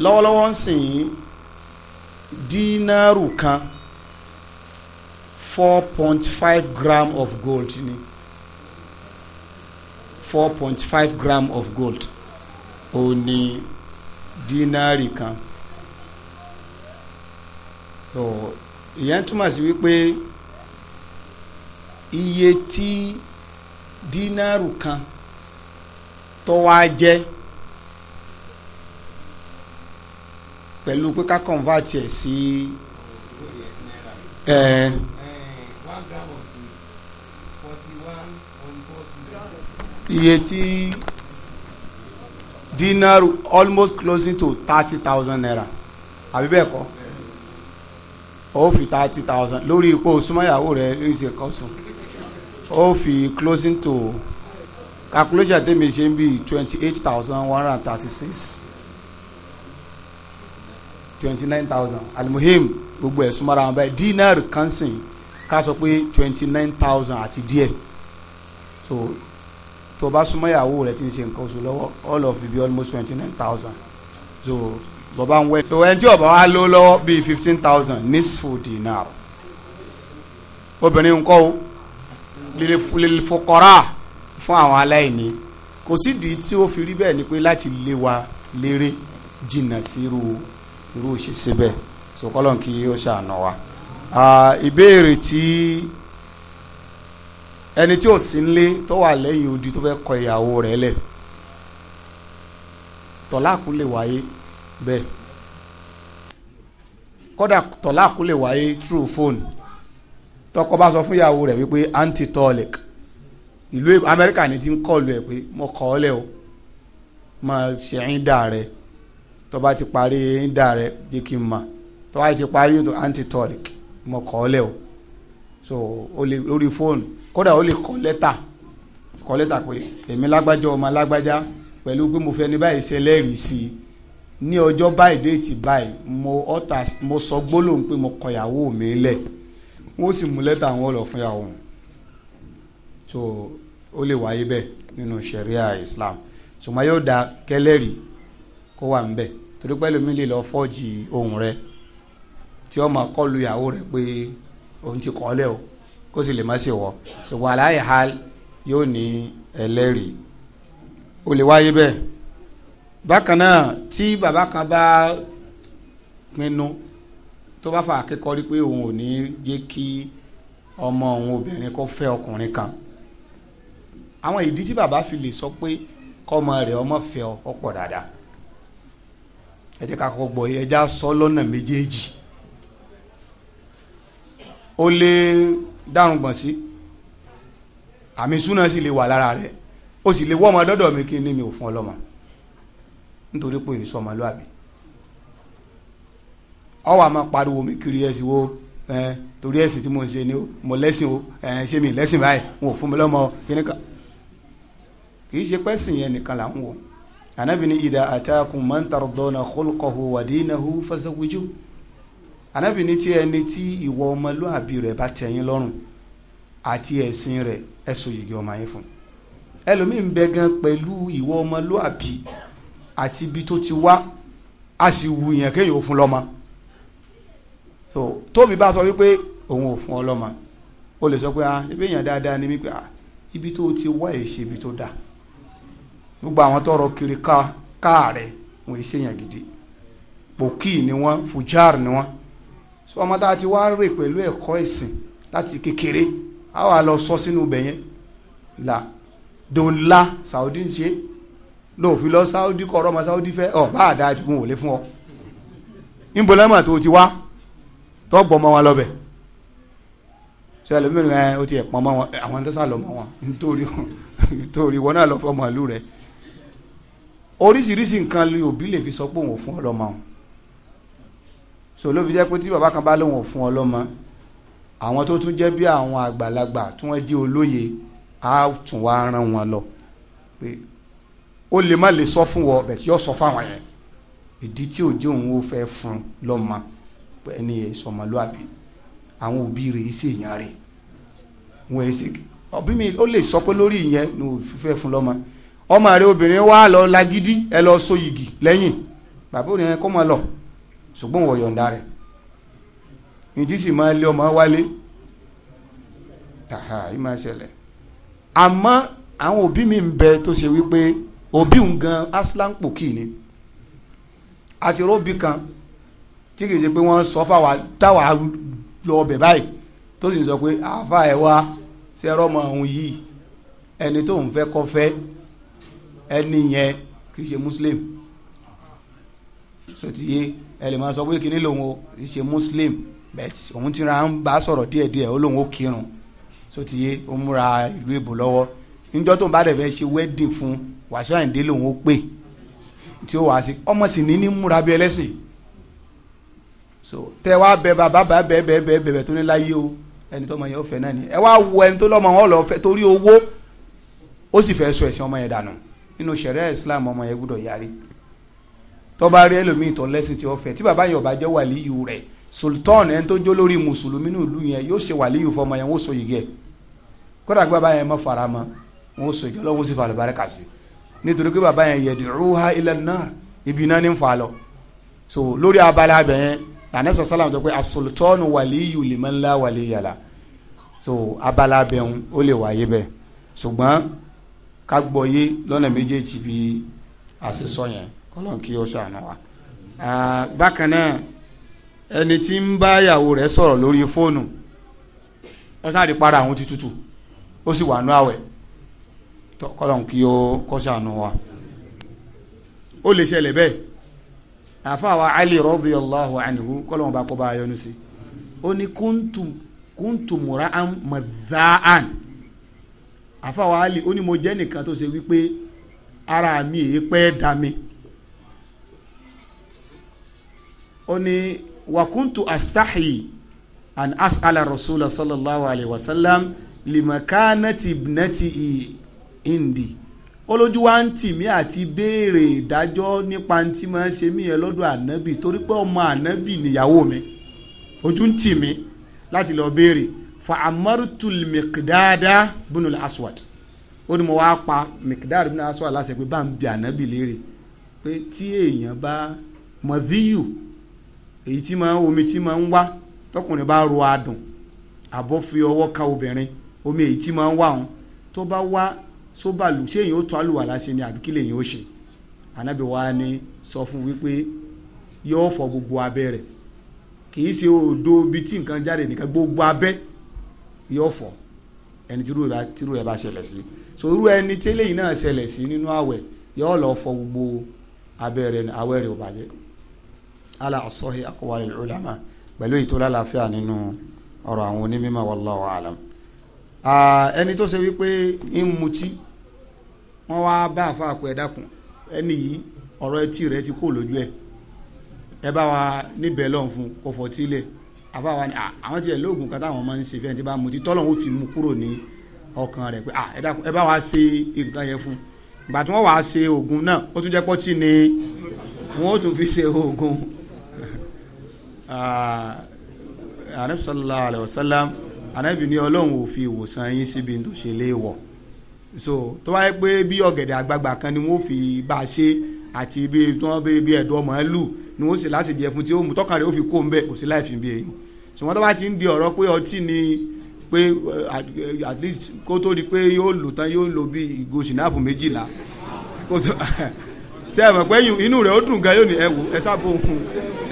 lọ́wọ́lọ́wọ́ ń sìn yín dínárù kan four point five gram of gold ni four point five gram of gold ó ní dínárì kan so ìyẹn túmọ̀ sí wípé iye tí dínárù kan tó wá jẹ́ pẹ̀lú pé ká convert ẹ̀ sí ẹ̀. Eh, iye tí dinar almost closing to thirty thousand naira àbí bẹ́ẹ̀ kọ́ ó fi thirty thousand lórí ipò súnmọ́yàwó rẹ̀ lórí ìṣe kan sùn ó fi closing to calculation tèmi ṣe ń bí twenty eight thousand one hundred thirty six twenty nine thousand alimuhim gbogbo ẹ̀ súnmọ́ra wọn báyìí dinar kan sìn ká sọ pé twenty nine thousand àti díẹ̀ so tó bá súnmọ́ ìyàwó rẹ̀ ti ń ṣe nǹkan oṣù lọ́wọ́ all of it be almost twenty nine thousand so bọ́bá ń wẹ̀. so ẹni tí ọba wa ló lọ́wọ́ bíi fifteen thousand nisfu dinar obìnrin nǹkan o lè fọkọrà fún àwọn aláìní kò sídìí tí ó fi rí bẹ́ẹ̀ ni pé láti lé wa léré jìnnà sí irú irú òṣìṣẹ́ bẹ́ẹ̀ so kọ́lọ́n kí ó ṣàánú wa ìbéèrè tí ẹni tí ò sí nílé tó wà lẹ́yìn odi tó fẹ́ kọ ìyàwó rẹ̀ lẹ̀ tọ́láàkú lè wáyé bẹ́ẹ̀ kódà tọ́láàkú lè wáyé through phone tọkọ bá sọ fún ìyàwó rẹ̀ wípé anti-tolic ìlú Amẹ́ríkà ni ti ń kọlu ẹ̀ pé mo kọ́ ọ lẹ̀ o máa ṣe ń dà rẹ̀ tó bá ti parí ń dà rẹ̀ jẹ́ kí n mà tó bá ti parí anti-tolic mo kọ́ ọ lẹ̀ o so lórí fóònù kódà ó lè kọ lẹ́tà kọ lẹ́tà pé èmi lágbájá ọmọ lágbájá pẹ̀lú pé mo fẹ́ ní báyìí ṣe lẹ́rìí sí i ní ọjọ́ báyìí déètì báyìí mo ọ̀tà mo sọ gbólóhùn pé mo kọ ìyàwó mi lẹ̀ wọ́n sì mú lẹ́tà wọn lọ fún ìyàwó wọn so ó lè wáyé bẹ́ẹ̀ nínú ṣẹ̀ríà Islam ṣùgbọ́n yóò da kẹlẹ́rì kó wà níbẹ̀ torí pé ẹlòmíì lè lọ fọ́ọ̀jì ohun rẹ tí ó máa ìyàwó rẹ pé òun ti kọ́ lẹ́ o ó sì lè má ṣe wọ ṣùgbọ́n aláyè ha yóò ní ẹlẹ́rìí ó lè wáyé bẹ́ẹ̀ bákan náà tí bàbá kan bá pinnu tó bá fa akẹ́kọ̀ọ́ rí pé òun ò ní jẹ́ kí ọmọ òun obìnrin kó fẹ́ ọkùnrin kan àwọn ìdí tí bàbá fi lè sọ pé kọ́mọ rẹ̀ ọmọ fẹ́ ọ dáadáa ẹ jẹ́ ká kọ́kọ́ gbọ́ ẹ sọ lọ́nà méjèèjì ó lè dárùn gbọ̀n sí àmì súná sì lè wà lára rẹ̀ o sì lè wọ́ ọmọ dọ́dọ̀ mi kí ni mi ò fún ọlọ́mọ nítorí pé èso ọmọlúàbí ọwọ́ àmọ́ pariwo mi kiri ẹ̀ sí wo ẹ̀ torí ẹ̀sìn tí mo ń ṣe ni mo lẹ́sìn o ẹ̀ ṣe mi lẹ́sìn báyìí wọn ò fún mi lọ́mọ kíní kan kì í ṣe pẹ́sìn yẹn nìkan là ń wọ̀ ànábì ni ìdá àtàkùn man tardona khulqahu wa dinahu fazawijuhu anábì ní tí ẹni tí ìwọ ọmọlúàbí rẹ̀ bá tẹ̀yìn lọ́rùn àti ẹ̀sìn rẹ̀ ẹ̀sùn yìí ọmọ yẹn fún ẹlòmíì ń bẹ gan pẹ̀lú ìwọ ọmọlúàbí àti ibi tó ti wá a sì wù yẹn kéèyàn ò fún lọ́mọ tóbi bá sọ wípé òun ò fún ọ lọ́mọ o lè sọ pé ah ibi èèyàn dáadáa ni wípé ah ibi tó ti wá ẹ̀ ṣe ibi tó dáa gbogbo àwọn tọrọ kiri ká káà rẹ wọn ì ṣèyàn gidi pòkì ni wọn fujar ni wọn so ọmọ tá a ti wá rè pẹ̀lú ẹ̀kọ́ ìsìn láti kékeré a wà lọ sọ sínú ibẹ̀ yẹn là dòńlá Saudi ń ṣe lóòfin lọ Saudi kọ̀ ọ̀rọ̀ ọmọ Saudi fẹ́ ọ̀ bá àdá ju òun ò lè fún ọ níbo lẹ́mọ̀ tó ti wá tó gbọ́ ọmọ wọn lọ́bẹ̀ ṣe ẹlòmíràn ẹ o ti ẹ̀ pọ́n mọ́ wọn àwọn tó lọ mọ́ wọn nítorí nítorí wọn náà lọ fọ́ ìlú rẹ oríṣiríṣi nǹkan lóòbí lè fi sọ pé òun ò fún ọ lọ́mọ wọn so ló fi jẹ́ pé tí bàbá kan bá lóun ò fún ọ lọ́mọ àwọn tó tún jẹ́ bí àwọn àgbàlagbà tí wọ́n jẹ́ olóye á tún wá rán wọn lọ pé ó lè má lè sọ fún wọn bẹ̀ tí yóò sọ fáwọn yẹn ìdí tí òjò òun ó fẹ́ fún lọ́mọ ẹni yẹn sọmọlúàbí àwọn òbí rẹ̀ ṣe èèyàn rẹ̀ wọn ẹ̀ ṣe òbí mi ó lè sọ pé lórí ìyẹn ni òfìfẹ́ fún lọ́mọ ọmọ rẹ̀ obìnrin wá lọ lágídí ẹ lọ so yìgì lẹ́yìn bàbá òun ṣùgbọ́n wọ́n yọ̀ǹda rẹ̀ ìtí sì máa lé ọmọ wálé tàhà yìí máa ṣẹlẹ̀ àmọ́ àwọn òbí mi ń bẹ tó ṣe wípé òbí ń gan aslan pòkì ni àti róbì kan tí kìí ṣe pé wọ́n sọ fáwa táwa lọ ọbẹ̀ báyìí tó sì ń sọ pé àáfà ẹ̀ wá ṣe rọ́mọ òun yìí ẹni tó ń fẹ́ kọ́ fẹ́ ẹni yẹn kìí ṣe muslim sotiye ẹ lè sọ pé kìnìún lòun o kì í ṣe muslim bet òun ti ra ń bá sọ̀rọ̀ díẹ̀díẹ̀ ó lòun ó kírun tó ti yé ó múra ìlú ìbò lọ́wọ́ níjọ́ tó ń bá dẹ̀ ṣe wedding fún wàṣọ àyìndé lòun ó pè tí ó wá sí ọmọ sì ní ní múra bí ẹlẹ́sìn so tẹ wá bẹ bàbá bẹ bẹ bẹ bẹ bẹ tó ní láyé o ẹni tó mọ yẹn ó fẹ́ náà ni ẹ wá wo ẹni tó lọ́mọ wọn lọ fẹ́ torí owó ó sì fẹ́ sọ ẹ̀sìn ọmọ yẹn dànù nínú sẹ̀rẹ́ Islam ọmọ yẹn gbúdọ̀ yarí tó bá rí ẹlòmíì tó lẹ́sìn tí ó fẹ́ tí bàbá yẹn ò bá wàlíyù rẹ̀ sultan ẹni tó jó lórí mùsùlùmí ní ìlú yẹn yóò ṣe wàlíyù fọmọ yẹn wọ́n so yìí gẹ̀ kódà pé bàbá yẹn mọ́ fara mọ́ wọ́n so yìí ọlọ́wọ́n sì fa àlùbáríkà sí nítorí pé bàbá yẹn yad'uha ila an-nar ibi iná ní fa lọ so lórí abala abẹ yẹn lànàfẹ́ sọ́sálàmù tó pé as-sultan wàlíyù liman la wàlíyà so abala abẹ ń ó lè wáyé bẹ́ẹ̀ ṣùgbọ́n ká ọlọ́run kí ó ṣàánú wa. bákan náà ẹni tí ń bá ìyàwó rẹ̀ lórí fóònù ó sáré para àwọn ti tutù ó sì wà nú àwẹ̀ kọ́lọ́run kí ó kó ṣàánú wa. ó lè ṣẹlẹ̀ bẹ́ẹ̀ àfàwà Ali bá bá a sí ó ní kuntum kuntum mura'an madha'an àfàwà Ali ó ní mo jẹ́ nìkan tó mi pẹ́ mi. ó ní wakuntu astahi an as'ala rasulillah sallallahu alayhi wa sallam limakanati ibnati indi olójú wa ń tì mí àti béèrè ìdájọ́ nípa tí máa ń ṣe mí yẹn lọ́dọ̀ ànábì torí pé ọmọ ànábì nìyàwó mi ojú ń tì mí láti lọ béèrè fa amartul mikdada bunul aswad ó ní mo wá pa mikdada bunul aswad láṣẹ pé bá ń bi ànábì léèrè pé tí èèyàn bá mọ̀díyù èyí tí máa omi tí máa ń wá tọkùnrin bá ro adùn àbọ̀ fi ọwọ́ ka obìnrin omi èyí tí máa ń wá òun tó bá wá sóbàlù ṣé èyàn ó tọ́ àlùwàlá ṣe ni àbí kí lèyìn ó ṣe ànábì wa ni sọ fún wípé yóò fọ gbogbo abẹ́ rẹ̀ kì í ṣe odò ibi tí nǹkan jáde nìkan gbogbo abẹ́ yóò fọ ẹni tírú ẹ bá ṣẹlẹ̀ sí so irú ẹni tẹ́lẹ̀ yìí náà ṣẹlẹ̀ sí nínú àwẹ̀ yóò lọ fọ gbogbo abẹ́ rẹ̀ àwẹ̀ rẹ̀ ò bàjẹ́ ala asọ́hí aqwalil ulama pẹ̀lú ìtura láàfíà nínú ọ̀rọ̀ àwọn onímọ̀ wallahu alam. ẹni tó ṣe wípé ń mutí wọ́n wá bá àfa àpò ẹ̀dá kun ẹni yìí ọ̀rọ̀ etí rẹ̀ ti kó lójú ẹ̀ ẹ bá wa níbẹ̀ lọ́n fún kó fọ́ tílẹ̀ àfa wa ni àwọn tiẹ̀ lóògùn kan táwọn máa ń ṣe fẹ́ẹ́ ti bá mutí tọ́lọ́hún fi mú kúrò ní ọkàn rẹ̀ pé ẹ bá wa ṣe nǹkan yẹn fún ìgbà tí wàá ṣe oògùn náà ó tún jẹ́ pọ́tì ni wọ́n ó tún fi ṣe oògùn anabi ah, sallallahu alayhi wa sallam anabi ní ọlọ́run ò fi ìwòsàn yín síbi tó ṣe léèwọ̀ so tó bá yẹ pé bí ọ̀gẹ̀dẹ̀ àgbagbà kan ni wọ́n fi bá a ṣe àti bí wọ́n bí ẹ̀dọ̀ màálù ni wọ́n sì láti jẹ fún tí ó mú tọ́kàn rẹ̀ ó fi kó ń bẹ̀ kò sí láì fi bí èyí ṣùgbọ́n tó bá ti ń di ọ̀rọ̀ pé ọtí ni pé at least kó tó di pé yóò lò tán yóò lò bí ìgò sinapu méjìlá kó tó [LAUGHS] ṣe é mọ̀ pé inú rẹ̀ ó dùn gan yóò ní ẹ wò ẹ sábò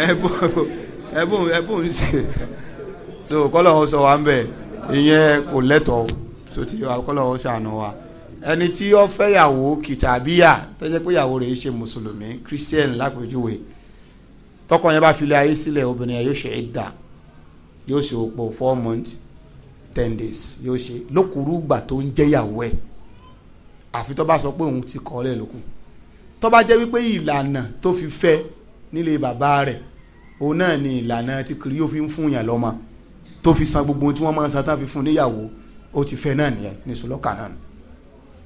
ẹ bọ̀ ẹbùn ẹbùn ń ṣe so kọ́lọ́hún sọ wa ń bẹ̀ ìyẹn kò lẹ́tọ̀ọ́ so ti kọ́lọ́hún ṣàánú wa ẹni tí ó fẹ́yàwó kìtàbíyà tó pé ìyàwó rẹ̀ ṣe mùsùlùmí christian lápèjúwe tọkọ yẹn bá filẹ̀ ayé sílẹ̀ obìnrin yẹn yóò ṣe idda yóò ṣe òpó four months ten days yóò ṣe lókùrú gbà tó ń jẹ́yàwó ẹ̀ àfi tó bá sọ pé òun ti kọ́ ọ́ lẹ́yìn lókù bá jẹ́ wípé ìlànà tó fi fẹ́ nílé bàbá rẹ̀ òun náà ni ìlànà tí kiri yóò fi ń fún yàn lọ́mọ tó fi san gbogbo tí wọ́n máa ń san tá fi fún níyàwó ó ti fẹ́ náà nìyẹn ní sùlọ́kà náà nù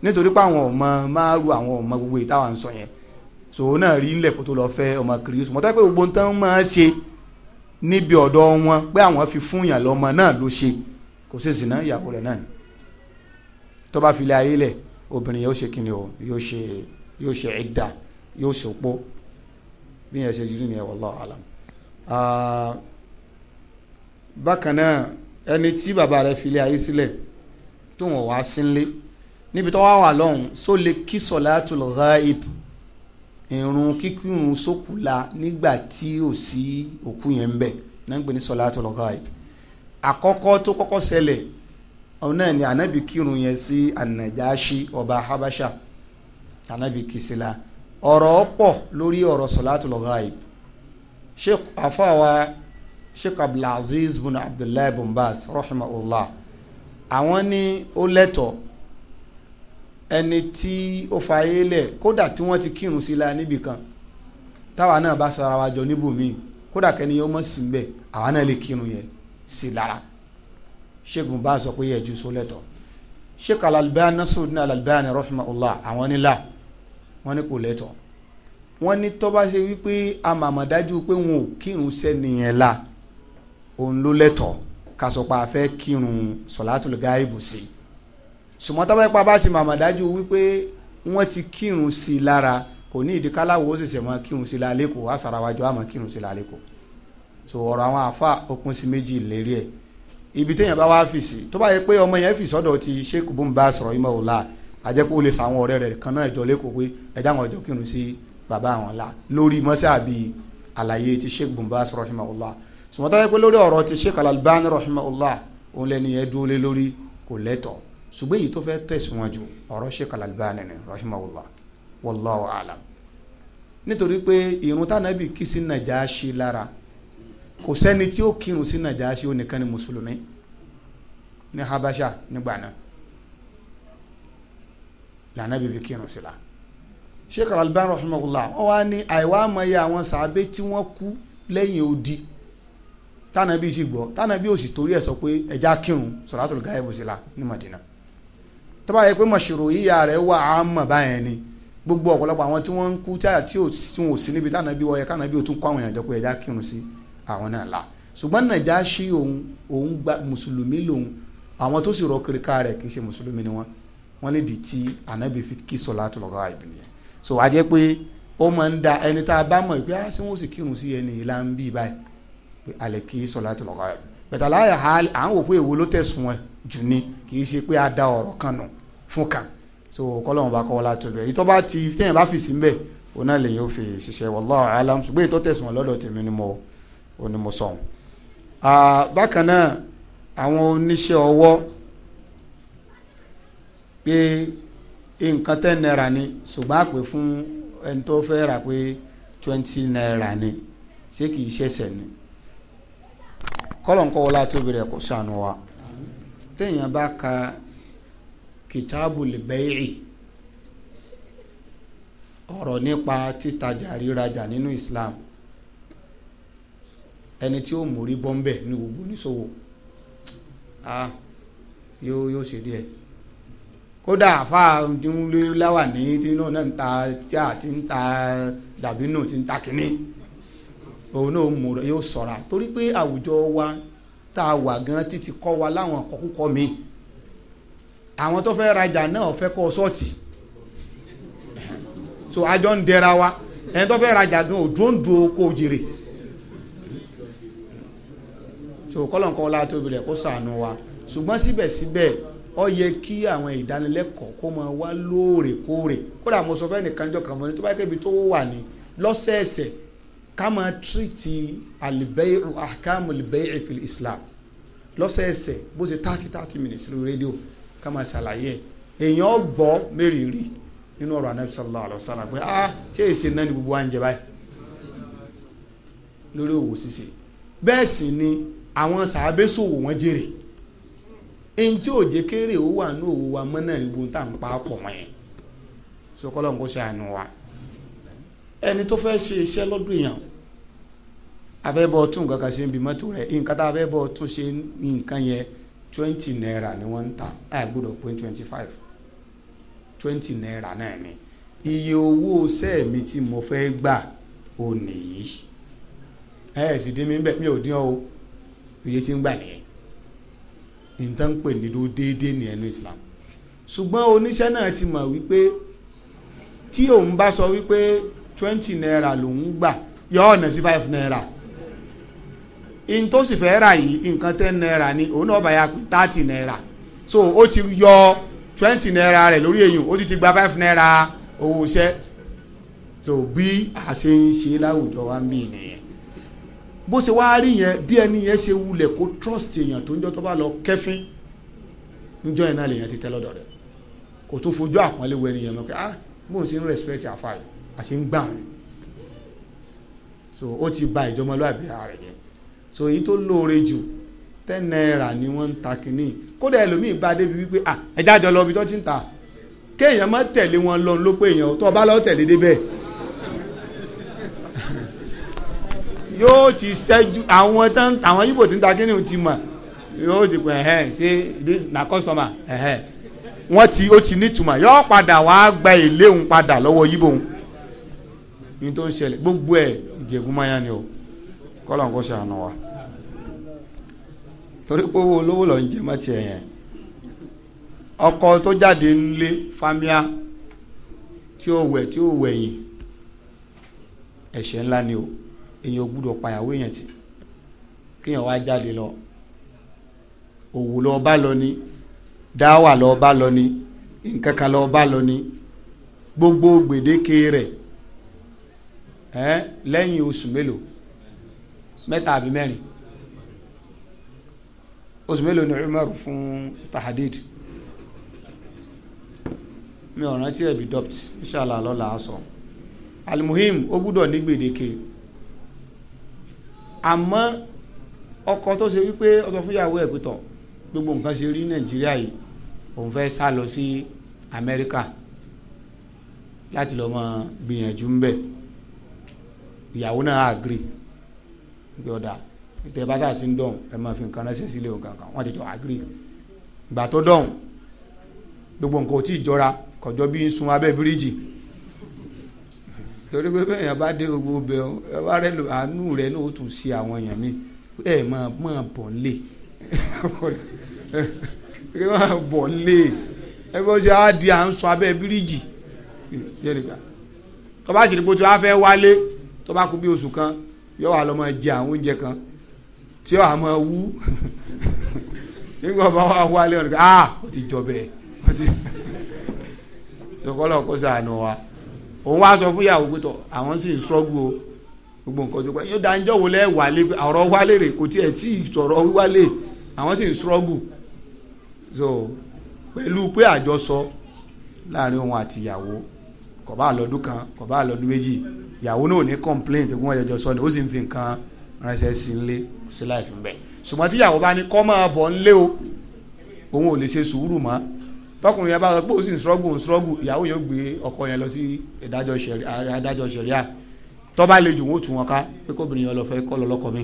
nítorí pé àwọn ọmọ máa ru àwọn ọmọ gbogbo yìí táwọn ń sọ yẹn so òun náà rí nílẹ̀ kó tó lọ fẹ́ ọmọ kiri yóò sùn mọ́tá pé gbogbo tán máa ṣe níbi ọ̀dọ̀ wọn pé àwọn fi fún yàn lọ́mọ náà ló ṣe kò sí ìsìn náà ìyàwó rẹ̀ náà ni tó bá fi bí yẹn ṣe yìí nìyẹn wallahu alam Ah, bákan náà ẹni tí bàbá rẹ̀ filẹ̀ ayé sílẹ̀ tó wọ́n wá sínlé níbi tó wá wà lọ́hùn só lè kí solatul ghaib irun kíkírun sókùlà nígbà tí ò sí òkú yẹn ń bẹ náà ń pè ní solatul ghaib àkọ́kọ́ tó kọ́kọ́ ṣẹlẹ̀ ọ̀nà ni anabi kírun yẹn sí anajashi ọba habasha anabi kìsìlá ọ̀rọ̀ pọ̀ lórí ọ̀rọ̀ solatul ghaib sheikh afawa sheikh abdulaziz bin abdullahi bin baz rahimahullah àwọn ní ó lẹ́tọ̀ ẹni tí ó fààyè lẹ̀ kódà tí wọ́n ti kírun sí la níbì kan táwa náà bá sara wa jọ níbòmíì kódà kẹ́ni yóò mọ̀ sí bẹ́ẹ̀ àwa náà lè kírun yẹn sí lára sheikh bin baz sọ pé yẹ ju so lẹ́tọ̀ sheikh alalbani nasiruddin alalbani rahimahullah àwọn nílà wọ́n ní kò lẹ́tọ̀ọ́ wọ́n ní tó bá ṣe wípé a màmá dájú pé wọn ò kírun sẹ́niyẹn la òun ló lẹ́tọ̀ọ́ ká sọ pé a fẹ́ kírun sọ̀látùl gáìbù sí i ṣùgbọ́n tó bá yẹ pa bá ti màmá dájú wípé wọ́n ti kírun sí i lára kò ní ìdí káláwo ó sì ṣẹ̀ kírun sí i lálẹ́ kò àṣàràwájú àmọ́ kírun sí i lálẹ́ so ọ̀rọ̀ àwọn àáfà ó pín sí méjì lérí ẹ̀ ibi téèyàn bá wá fi sí tó bá yẹ pé ọmọ yẹn fi sọ́dọ̀ ti sheikh bumba sọ̀rọ̀ ìmọ̀ ọ̀la àjẹpọ̀ ó sàwọn ọ̀rẹ́ rẹ̀ kan náà ẹ̀jọ̀ lẹ́kọ̀ọ́ pé ẹ̀dá àwọn ẹ̀jọ̀ kírun sí bàbá àwọn la lórí mọ́sáàbí àlàyé ti sheikh bumbas rahimahullah sùmọ́tà yẹ pé lórí ọ̀rọ̀ ti sheikh alalbani rahimahullah òun lẹ́ni yẹn dúró lé lórí kò lẹ́tọ̀ ṣùgbọ́n èyí tó fẹ́ tẹ̀síwájú ọ̀rọ̀ sheikh alalbani rahimahullah wallahu alam nítorí pé ìrun tánàbì kí sí nàjàṣì lára kò sẹ́ni tí ó kírun sí nàjàṣì ó nìkan ni mùsùlùmí ní habasha nígbà náà lànà bíbí kírun sí la sheikh al-Albani rahimahullah wọ́n wá ní àìwá amọ̀ye àwọn sàábé tí wọ́n kú lẹ́yìn odi tánàbí sì gbọ́ tánàbí òsì torí ẹ̀ sọ pé ẹja kírun sọ̀rọ̀tòlù gáyé bùsílà ní Madina tó bá yẹ pé mọ̀ṣòro yíya rẹ̀ wà á mọ̀ báyẹn ni gbogbo ọ̀pọ̀lọpọ̀ àwọn tí wọ́n ń kú tí wọ́n ò sí níbi tánàbí wọ̀nyẹ kánàbí ò tún kọ́ àwọn èèyàn jọ pé ẹja kírun sí àwọn náà la ṣùgbọ́n Nàjáṣì òun òun gba mùsùlùmí lòun àwọn tó sì rọ kiri ká rẹ̀ kì í ṣe mùsùlùmí ni wọ́n wọ́n lè dì tí ànábì fi kí sọ̀rọ̀tòlù gáyé so wàá jẹ́ pé ó máa ń da ẹni tá a bá mọ̀ pé ah, ṣé wọ́n sì kírun sí ẹni ìlà ń bì báyìí pé alẹ́ kì í solatul ghaib bẹ̀tà láyà à ń wò pé èwo ló tẹ̀sùn ẹ jù ni kì í ṣe pé a da ọ̀rọ̀ kan nù fún kan so kọ́lọ́hún bá kọ́wọ́lá tó bẹ̀ ìtọ́ bá ti téèyàn bá fi sí ń bẹ̀ òun náà lè yóò fi ṣiṣẹ́ wallahu alam ṣùgbọ́n ètò tẹ̀sùn lọ́dọ̀ tèmi ni mo ni mo sọ̀hún. àwọn oníṣẹ́ ọwọ́ pé nǹkan ten naira ni ṣùgbọ́n àpè fún ẹni tó fẹ́ rà pé twenty naira ni ṣé kì í ṣẹ̀ṣẹ̀ ni kọ́lọ̀ǹkọ́ wọlé àtúbí rẹ̀ kò ṣàánú wa téèyàn bá ka kìtàbù lìbẹ́ẹ̀rì ọ̀rọ̀ nípa títajà rírajà nínú Islam ẹni tí ó mórí bọ́m̀bẹ̀ ní gbogbo oníṣòwò ah yóò yóò ṣe díẹ̀ kódà àfa ìdúnlé láwà ní tí náà náà ń ta tíà tí ń ta dàbínú tí ń ta kínní òun náà mú yóò ṣọ́ra torí pé àwùjọ wa tá a wà gan títí kọ́ wa láwọn kọ́kúkọ́ mi àwọn tó fẹ́ rajà náà fẹ́ kọ́ sọ́ọ̀tì so àjọ ń dẹra wa ẹni tó fẹ́ rajà gan òdòǹdò kò jèrè so kọ́lọ̀ńkọ́ la tóbi rẹ̀ kó ṣàánú wa ṣùgbọ́n síbẹ̀síbẹ̀ ó yẹ kí àwọn ìdánilẹ́kọ̀ọ́ kó máa wá lóòrèkóòrè kódà mo sọ fẹ́ nìkan jọ kàn mọ́ ni tó bá kébi tó wà ní lọ́sẹ̀ẹ̀sẹ̀ ká máa tírìtì alibẹ́ẹ̀rù àkàmù alibẹ́ẹ̀rù fil islam lọ́sẹ̀ẹ̀sẹ̀ bó ṣe thirty thirty minutes lórí rédíò ká máa ṣàlàyé ẹ̀ èèyàn gbọ́ mérìírí nínú ọ̀rọ̀ anabi sallallahu alayhi wa sallam pé ah ṣé èsì náà ni gbogbo wa ń jẹ báyìí lórí òwò ṣíṣe bẹ́ẹ̀ sì ni àwọn sàábẹ́sòwò wọn jèrè ẹni tí ò jẹ́ kéré ó wà ní òwò wa mọ́ náà ìwo tá à ń pa pọ̀ mọ́ yẹn sọkọlọ́ nǹkó ṣe àánú wa ẹni tó fẹ́ ṣe iṣẹ́ lọ́dún èèyàn abẹ́bọ̀ tún nǹkan ṣe ń bi mọ́tò rẹ̀ nǹkan tá abẹ́bọ̀ tún ṣe nǹkan yẹn twenty naira ni wọ́n ń ta ẹ̀ gbọ́dọ̀ pé twenty five twenty naira náà ni iye owó sẹ́ẹ̀mí tí mo fẹ́ gbà ò nìyí ẹ̀ sì dín mi bẹ́ẹ̀ mi ò dín ọ́ o iye tí ń gbà nìyẹn nǹkan pè ní ló déédéé ní ẹnu Islam ṣùgbọ́n oníṣẹ́ náà ti mọ̀ wípé tí òun bá sọ wípé twenty naira lòún gbà yọ ọ̀nà sí five naira in tó sì fẹ́ rà yìí nǹkan ten naira ni òun náà bá ya pé thirty naira so ó ti yọ twenty naira rẹ̀ lórí èyàn ó ti ti gba five naira owó iṣẹ́ so bí a ṣe ń ṣe láwùjọ wa ń bì nìyẹn bó ṣe wáá rí yẹn bí ẹni yẹn ṣe wulẹ̀ kó trust èèyàn tó ń jọ tó bá lọ kẹfín níjọ́ yẹn náà lèèyàn ti tẹ́ lọ́dọ̀ rẹ̀ kò tó fojú àpọ́nlé wo ẹni mọ́ pé ah bóun ṣe ń respect àfa yìí àṣẹ ń gbà wọn so ó ti ba ìjọmọlúwàbí ààrẹ yẹn so èyí tó lóore jù ten naira ni wọ́n ń ta kínní kódà ẹlòmíì bá débi wípé ah ẹ̀dá àjọ lọ ibi tó ti ń ta kéèyàn má tẹ̀lé wọn lọ ló pé èèyàn tó o yóò ti seju àwọn tán àwọn ibo tí ń ta o ti mọ̀ yóò ti pè ẹ̀hẹ́ ṣe this na customer ẹ̀hẹ́ wọ́n ti ó ti nítumọ̀ yóò padà wá gba ìléhùn padà lọ́wọ́ ibo òun ní tó ń ṣẹlẹ̀ gbogbo ẹ̀ ìjẹ̀gùn ni o kọ́lọ̀ ń wa torí pé owó olówó lọ ń ọkọ tó jáde ńlé famia tí ó wẹ̀ tí ni o. èyàn ò gbúdọ̀ payàwó èyàn tì kéèyàn wá jáde lọ òwò lọ bá lọ ni dáwà lọ bá lọ ni nǹkan kan lọ bá lọ ni gbogbo gbèdéke rẹ ẹ lẹyìn oṣù mélòó mẹ́ta àbí mẹ́rin oṣù mélòó ni Umar fún tahadid mi ò rántí ẹ̀bí dọ́pt inṣàlá lọ́la aṣọ alimuhim ó gbúdọ̀ ní gbèdéke. àmọ́ ọkọ tó ṣe wípé ọsọ fún ìyàwó ẹ̀ pẹ̀tọ̀ gbogbo nǹkan ṣe rí nàìjíríà yìí òun fẹ́ sá lọ sí amẹ́ríkà láti lọ mọ gbìyànjú ńbẹ ìyàwó náà àgírí gbé ọ̀dà ìtẹ̀ bá sáà ti ń dọ̀hún ẹ máa fi nǹkan ránṣẹ́ sílé òun kankan wọ́n ti jọ àgírí gbà tó dọ̀hún gbogbo nǹkan ò tí ì jọra kọjọ bí ń sun abẹ́ bíríìjì torí pé bẹ́ẹ̀ yẹn bá dé gbogbo bẹ̀ ọ́ ẹ wá rẹ àánú rẹ ní o tún ṣe àwọn èèyàn mi ẹ máa máa bọ̀ lé ẹ máa bọ̀ lé ẹ bọ́ ṣe á di à ń sọ abẹ́ bíríìjì tó bá ṣèlérí pé tí wàá fẹ́ wálé tó bá kú bí oṣù kan yóò wà lọ́mọ jẹ àwọn oúnjẹ kan tí yóò wà mọ wú nígbà bá wà wálé ọ̀nà ká ah, ó ti jọ bẹ́ẹ̀ ó ti sọkọ́lọ́ kó sànù wa òun wá sọ fún ìyàwó pé tọ àwọn sì ń sọ́gbù o gbogbo nǹkan tó pa yóò dá njọ́ wo lẹ́ wálé pé ọ̀rọ̀ wálé rè kò tiẹ̀ tí ì sọ̀rọ̀ wíwálé àwọn sì ń sọ́gbù so pẹ̀lú pé àjọsọ láàrin òun àti ìyàwó kò bá lọ́dún kan kò bá lọ́dún méjì ìyàwó náà ní complaint ogun ọ̀jọ̀jọ sọ ni ó sì ń fi nǹkan ránṣẹ́ sí ń lé sí láì fi bẹ̀ ṣùgbọ́n tíyàwó bá ní kọ́ máa bọ̀ ń lé o òun ò lè ṣe sùúrù mọ́ tọkùnrin yẹn bá sọ pé ó sì ń sọ́gùn ń sọ́gùn ìyàwó yẹn gbé ọkọ yẹn lọ sí adájọ́ ṣẹ̀ríà tọ́ba lè jù wọ́n tù wọn ká pé kóbìnrin yẹn lọ fẹ́ kọ́ lọ mi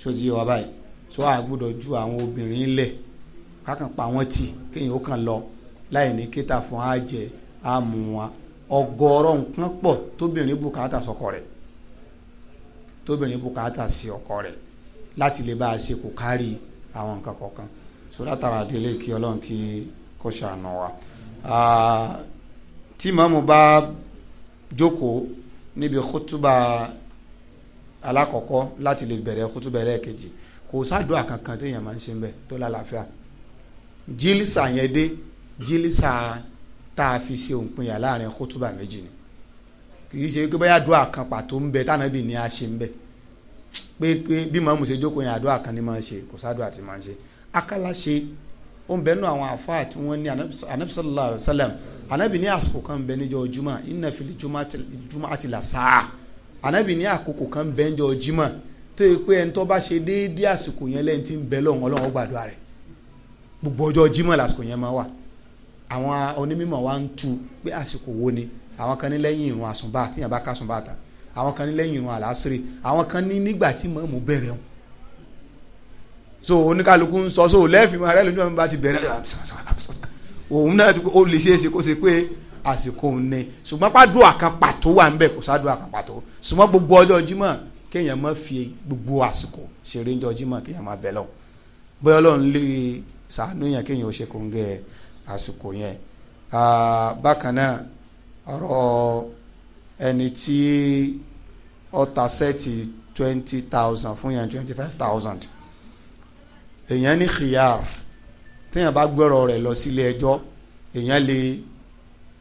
so ti yọ wá báyìí so a gbọ́dọ̀ ju àwọn obìnrin lẹ̀ kákan pa wọ́n tì kéèyàn ó kàn lọ láì ní kíta fún á jẹ á mú wọn ọgọ́rọ̀ nǹkan pọ̀ tóbìnrin bùkátà sọkọ rẹ̀ tóbìnrin bùkátà sí ọkọ rẹ̀ láti lè bá a ṣe kò kárí àwọn nǹkan kọ̀ọ̀kan so látara délé kí ọlọ́run kí kó ṣàánú wa tí màmú bá jókòó níbi kútúbà alákọ̀ọ́kọ́ láti lè bẹ̀rẹ̀ kútúbà ẹlẹ́ẹ̀kejì kò sádùá kankan téèyàn máa ń ṣe ń bẹ̀ tó lálàáfíà jílísà yẹn dé jílísà tá a fi ṣe òǹpinya láàrin kútúbà méjì ni kì í ṣe pé bóyá àdúrà kan pàtó ń bẹ tánàbì ni a ṣe ń bẹ pé pé bí màmú ṣe jókòó yẹn àdúrà kan ni máa ń ṣe kò sádùá ti máa ń ṣe akálàṣe ó ń bẹnu àwọn àfáà tí wọ́n ní anabi sallallahu alayhi wa sallam anabi ní àsìkò kan bẹ níjọ́ juma Ina fili juma ati la saa. anabi ní àkókò kan bẹ níjọ́ juma tó yẹ pé ẹni tó bá ṣe déédéé àsìkò yẹn lẹ́yìn tí ń bẹ lọ́wọ́ Ọlọ́run ó gbàdúrà rẹ̀ gbogbo ọjọ́ jimá lásìkò yẹn àwọn onímọ̀ wa ń tu pé àsìkò wo ni àwọn kan ní lẹ́yìn ìrun àsùnbà tíyàn bá kásùnbà ta àwọn kan ní lẹ́yìn ìrun àlásìrè àwọn kan ní nígbà tí mọ̀ọ́mù bẹ̀rẹ̀ wọn so oníkàlùkù ń sọ so lẹ́ẹ̀fìmọ̀ rẹ lójú ọmọ bá ti bẹ̀rẹ̀ òun náà ó lè ṣeé ṣe kó ṣe pé àsìkò ní ṣùgbọ́n pàdúrà kan pàtó wà ń bẹ̀ kó sádùrà kan pàtó ṣùgbọ́n gbogbo ọjọ́ jímọ̀ kéèyàn má fi gbogbo àsìkò ṣeré ńjọ jímọ̀ kéèyàn má bẹ̀ bóyá ọlọ́run lè ṣàánú yẹn kéèyàn ó ṣe kó ń gẹ àsìkò yẹn bákan náà ọ̀rọ̀ ẹni tí ó ta sẹ́ẹ̀tì twenty thousand fún yẹn twenty five thousand èèyàn ní khiyar téèyàn bá gbọ́rọ̀ rẹ̀ lọ sílé ẹjọ́ èèyàn lè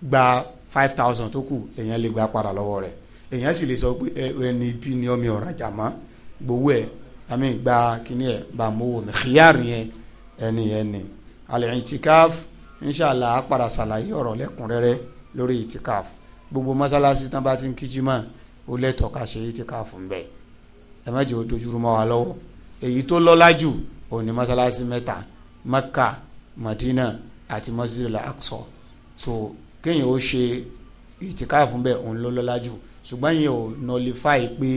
gba five thousand tó kù èèyàn lè gba padà lọ́wọ́ rẹ̀ èèyàn sì lè sọ pé ẹni bí ni ọmọ ọ̀rọ̀ àjàmọ́ gbowó ẹ̀ àmì gba kíní ẹ̀ bá mowó mi khiyar yẹn ẹni ẹni alẹ́ ìtìkáf inṣàlá apàdà ṣàlàyé ọ̀rọ̀ lẹ́kùnrẹ́rẹ́ lórí ìtìkáf gbogbo mọ́sálásí tán bá ti ń kíjímọ̀ ó lẹ́tọ̀ọ́ ká ṣe ìtìkáf ń bẹ̀ ẹ má jẹ́ ó wa lọ́wọ́ èyí tó lọ́lá jù òní mọ́sálásí mẹ́ta Mẹ́kà Madina àti Masjidil Aqsa so kéèyàn ó ṣe ìtìkáàfù bẹ́ẹ̀ òun ló lọ́lá jù ṣùgbọ́n yẹn ò nọlifáì pé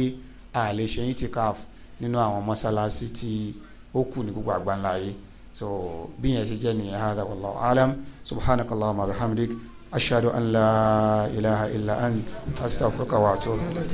a lè ṣe ìtìkáàfù nínú àwọn mọ́sálásí tí ó kù ní gbogbo àgbáńlá yìí so bí yẹn ṣe jẹ́ nìyẹn hada wallahu alam subhanakallahumma wa bihamdik ashhadu an la ilaha illa ant astaghfiruka wa atubu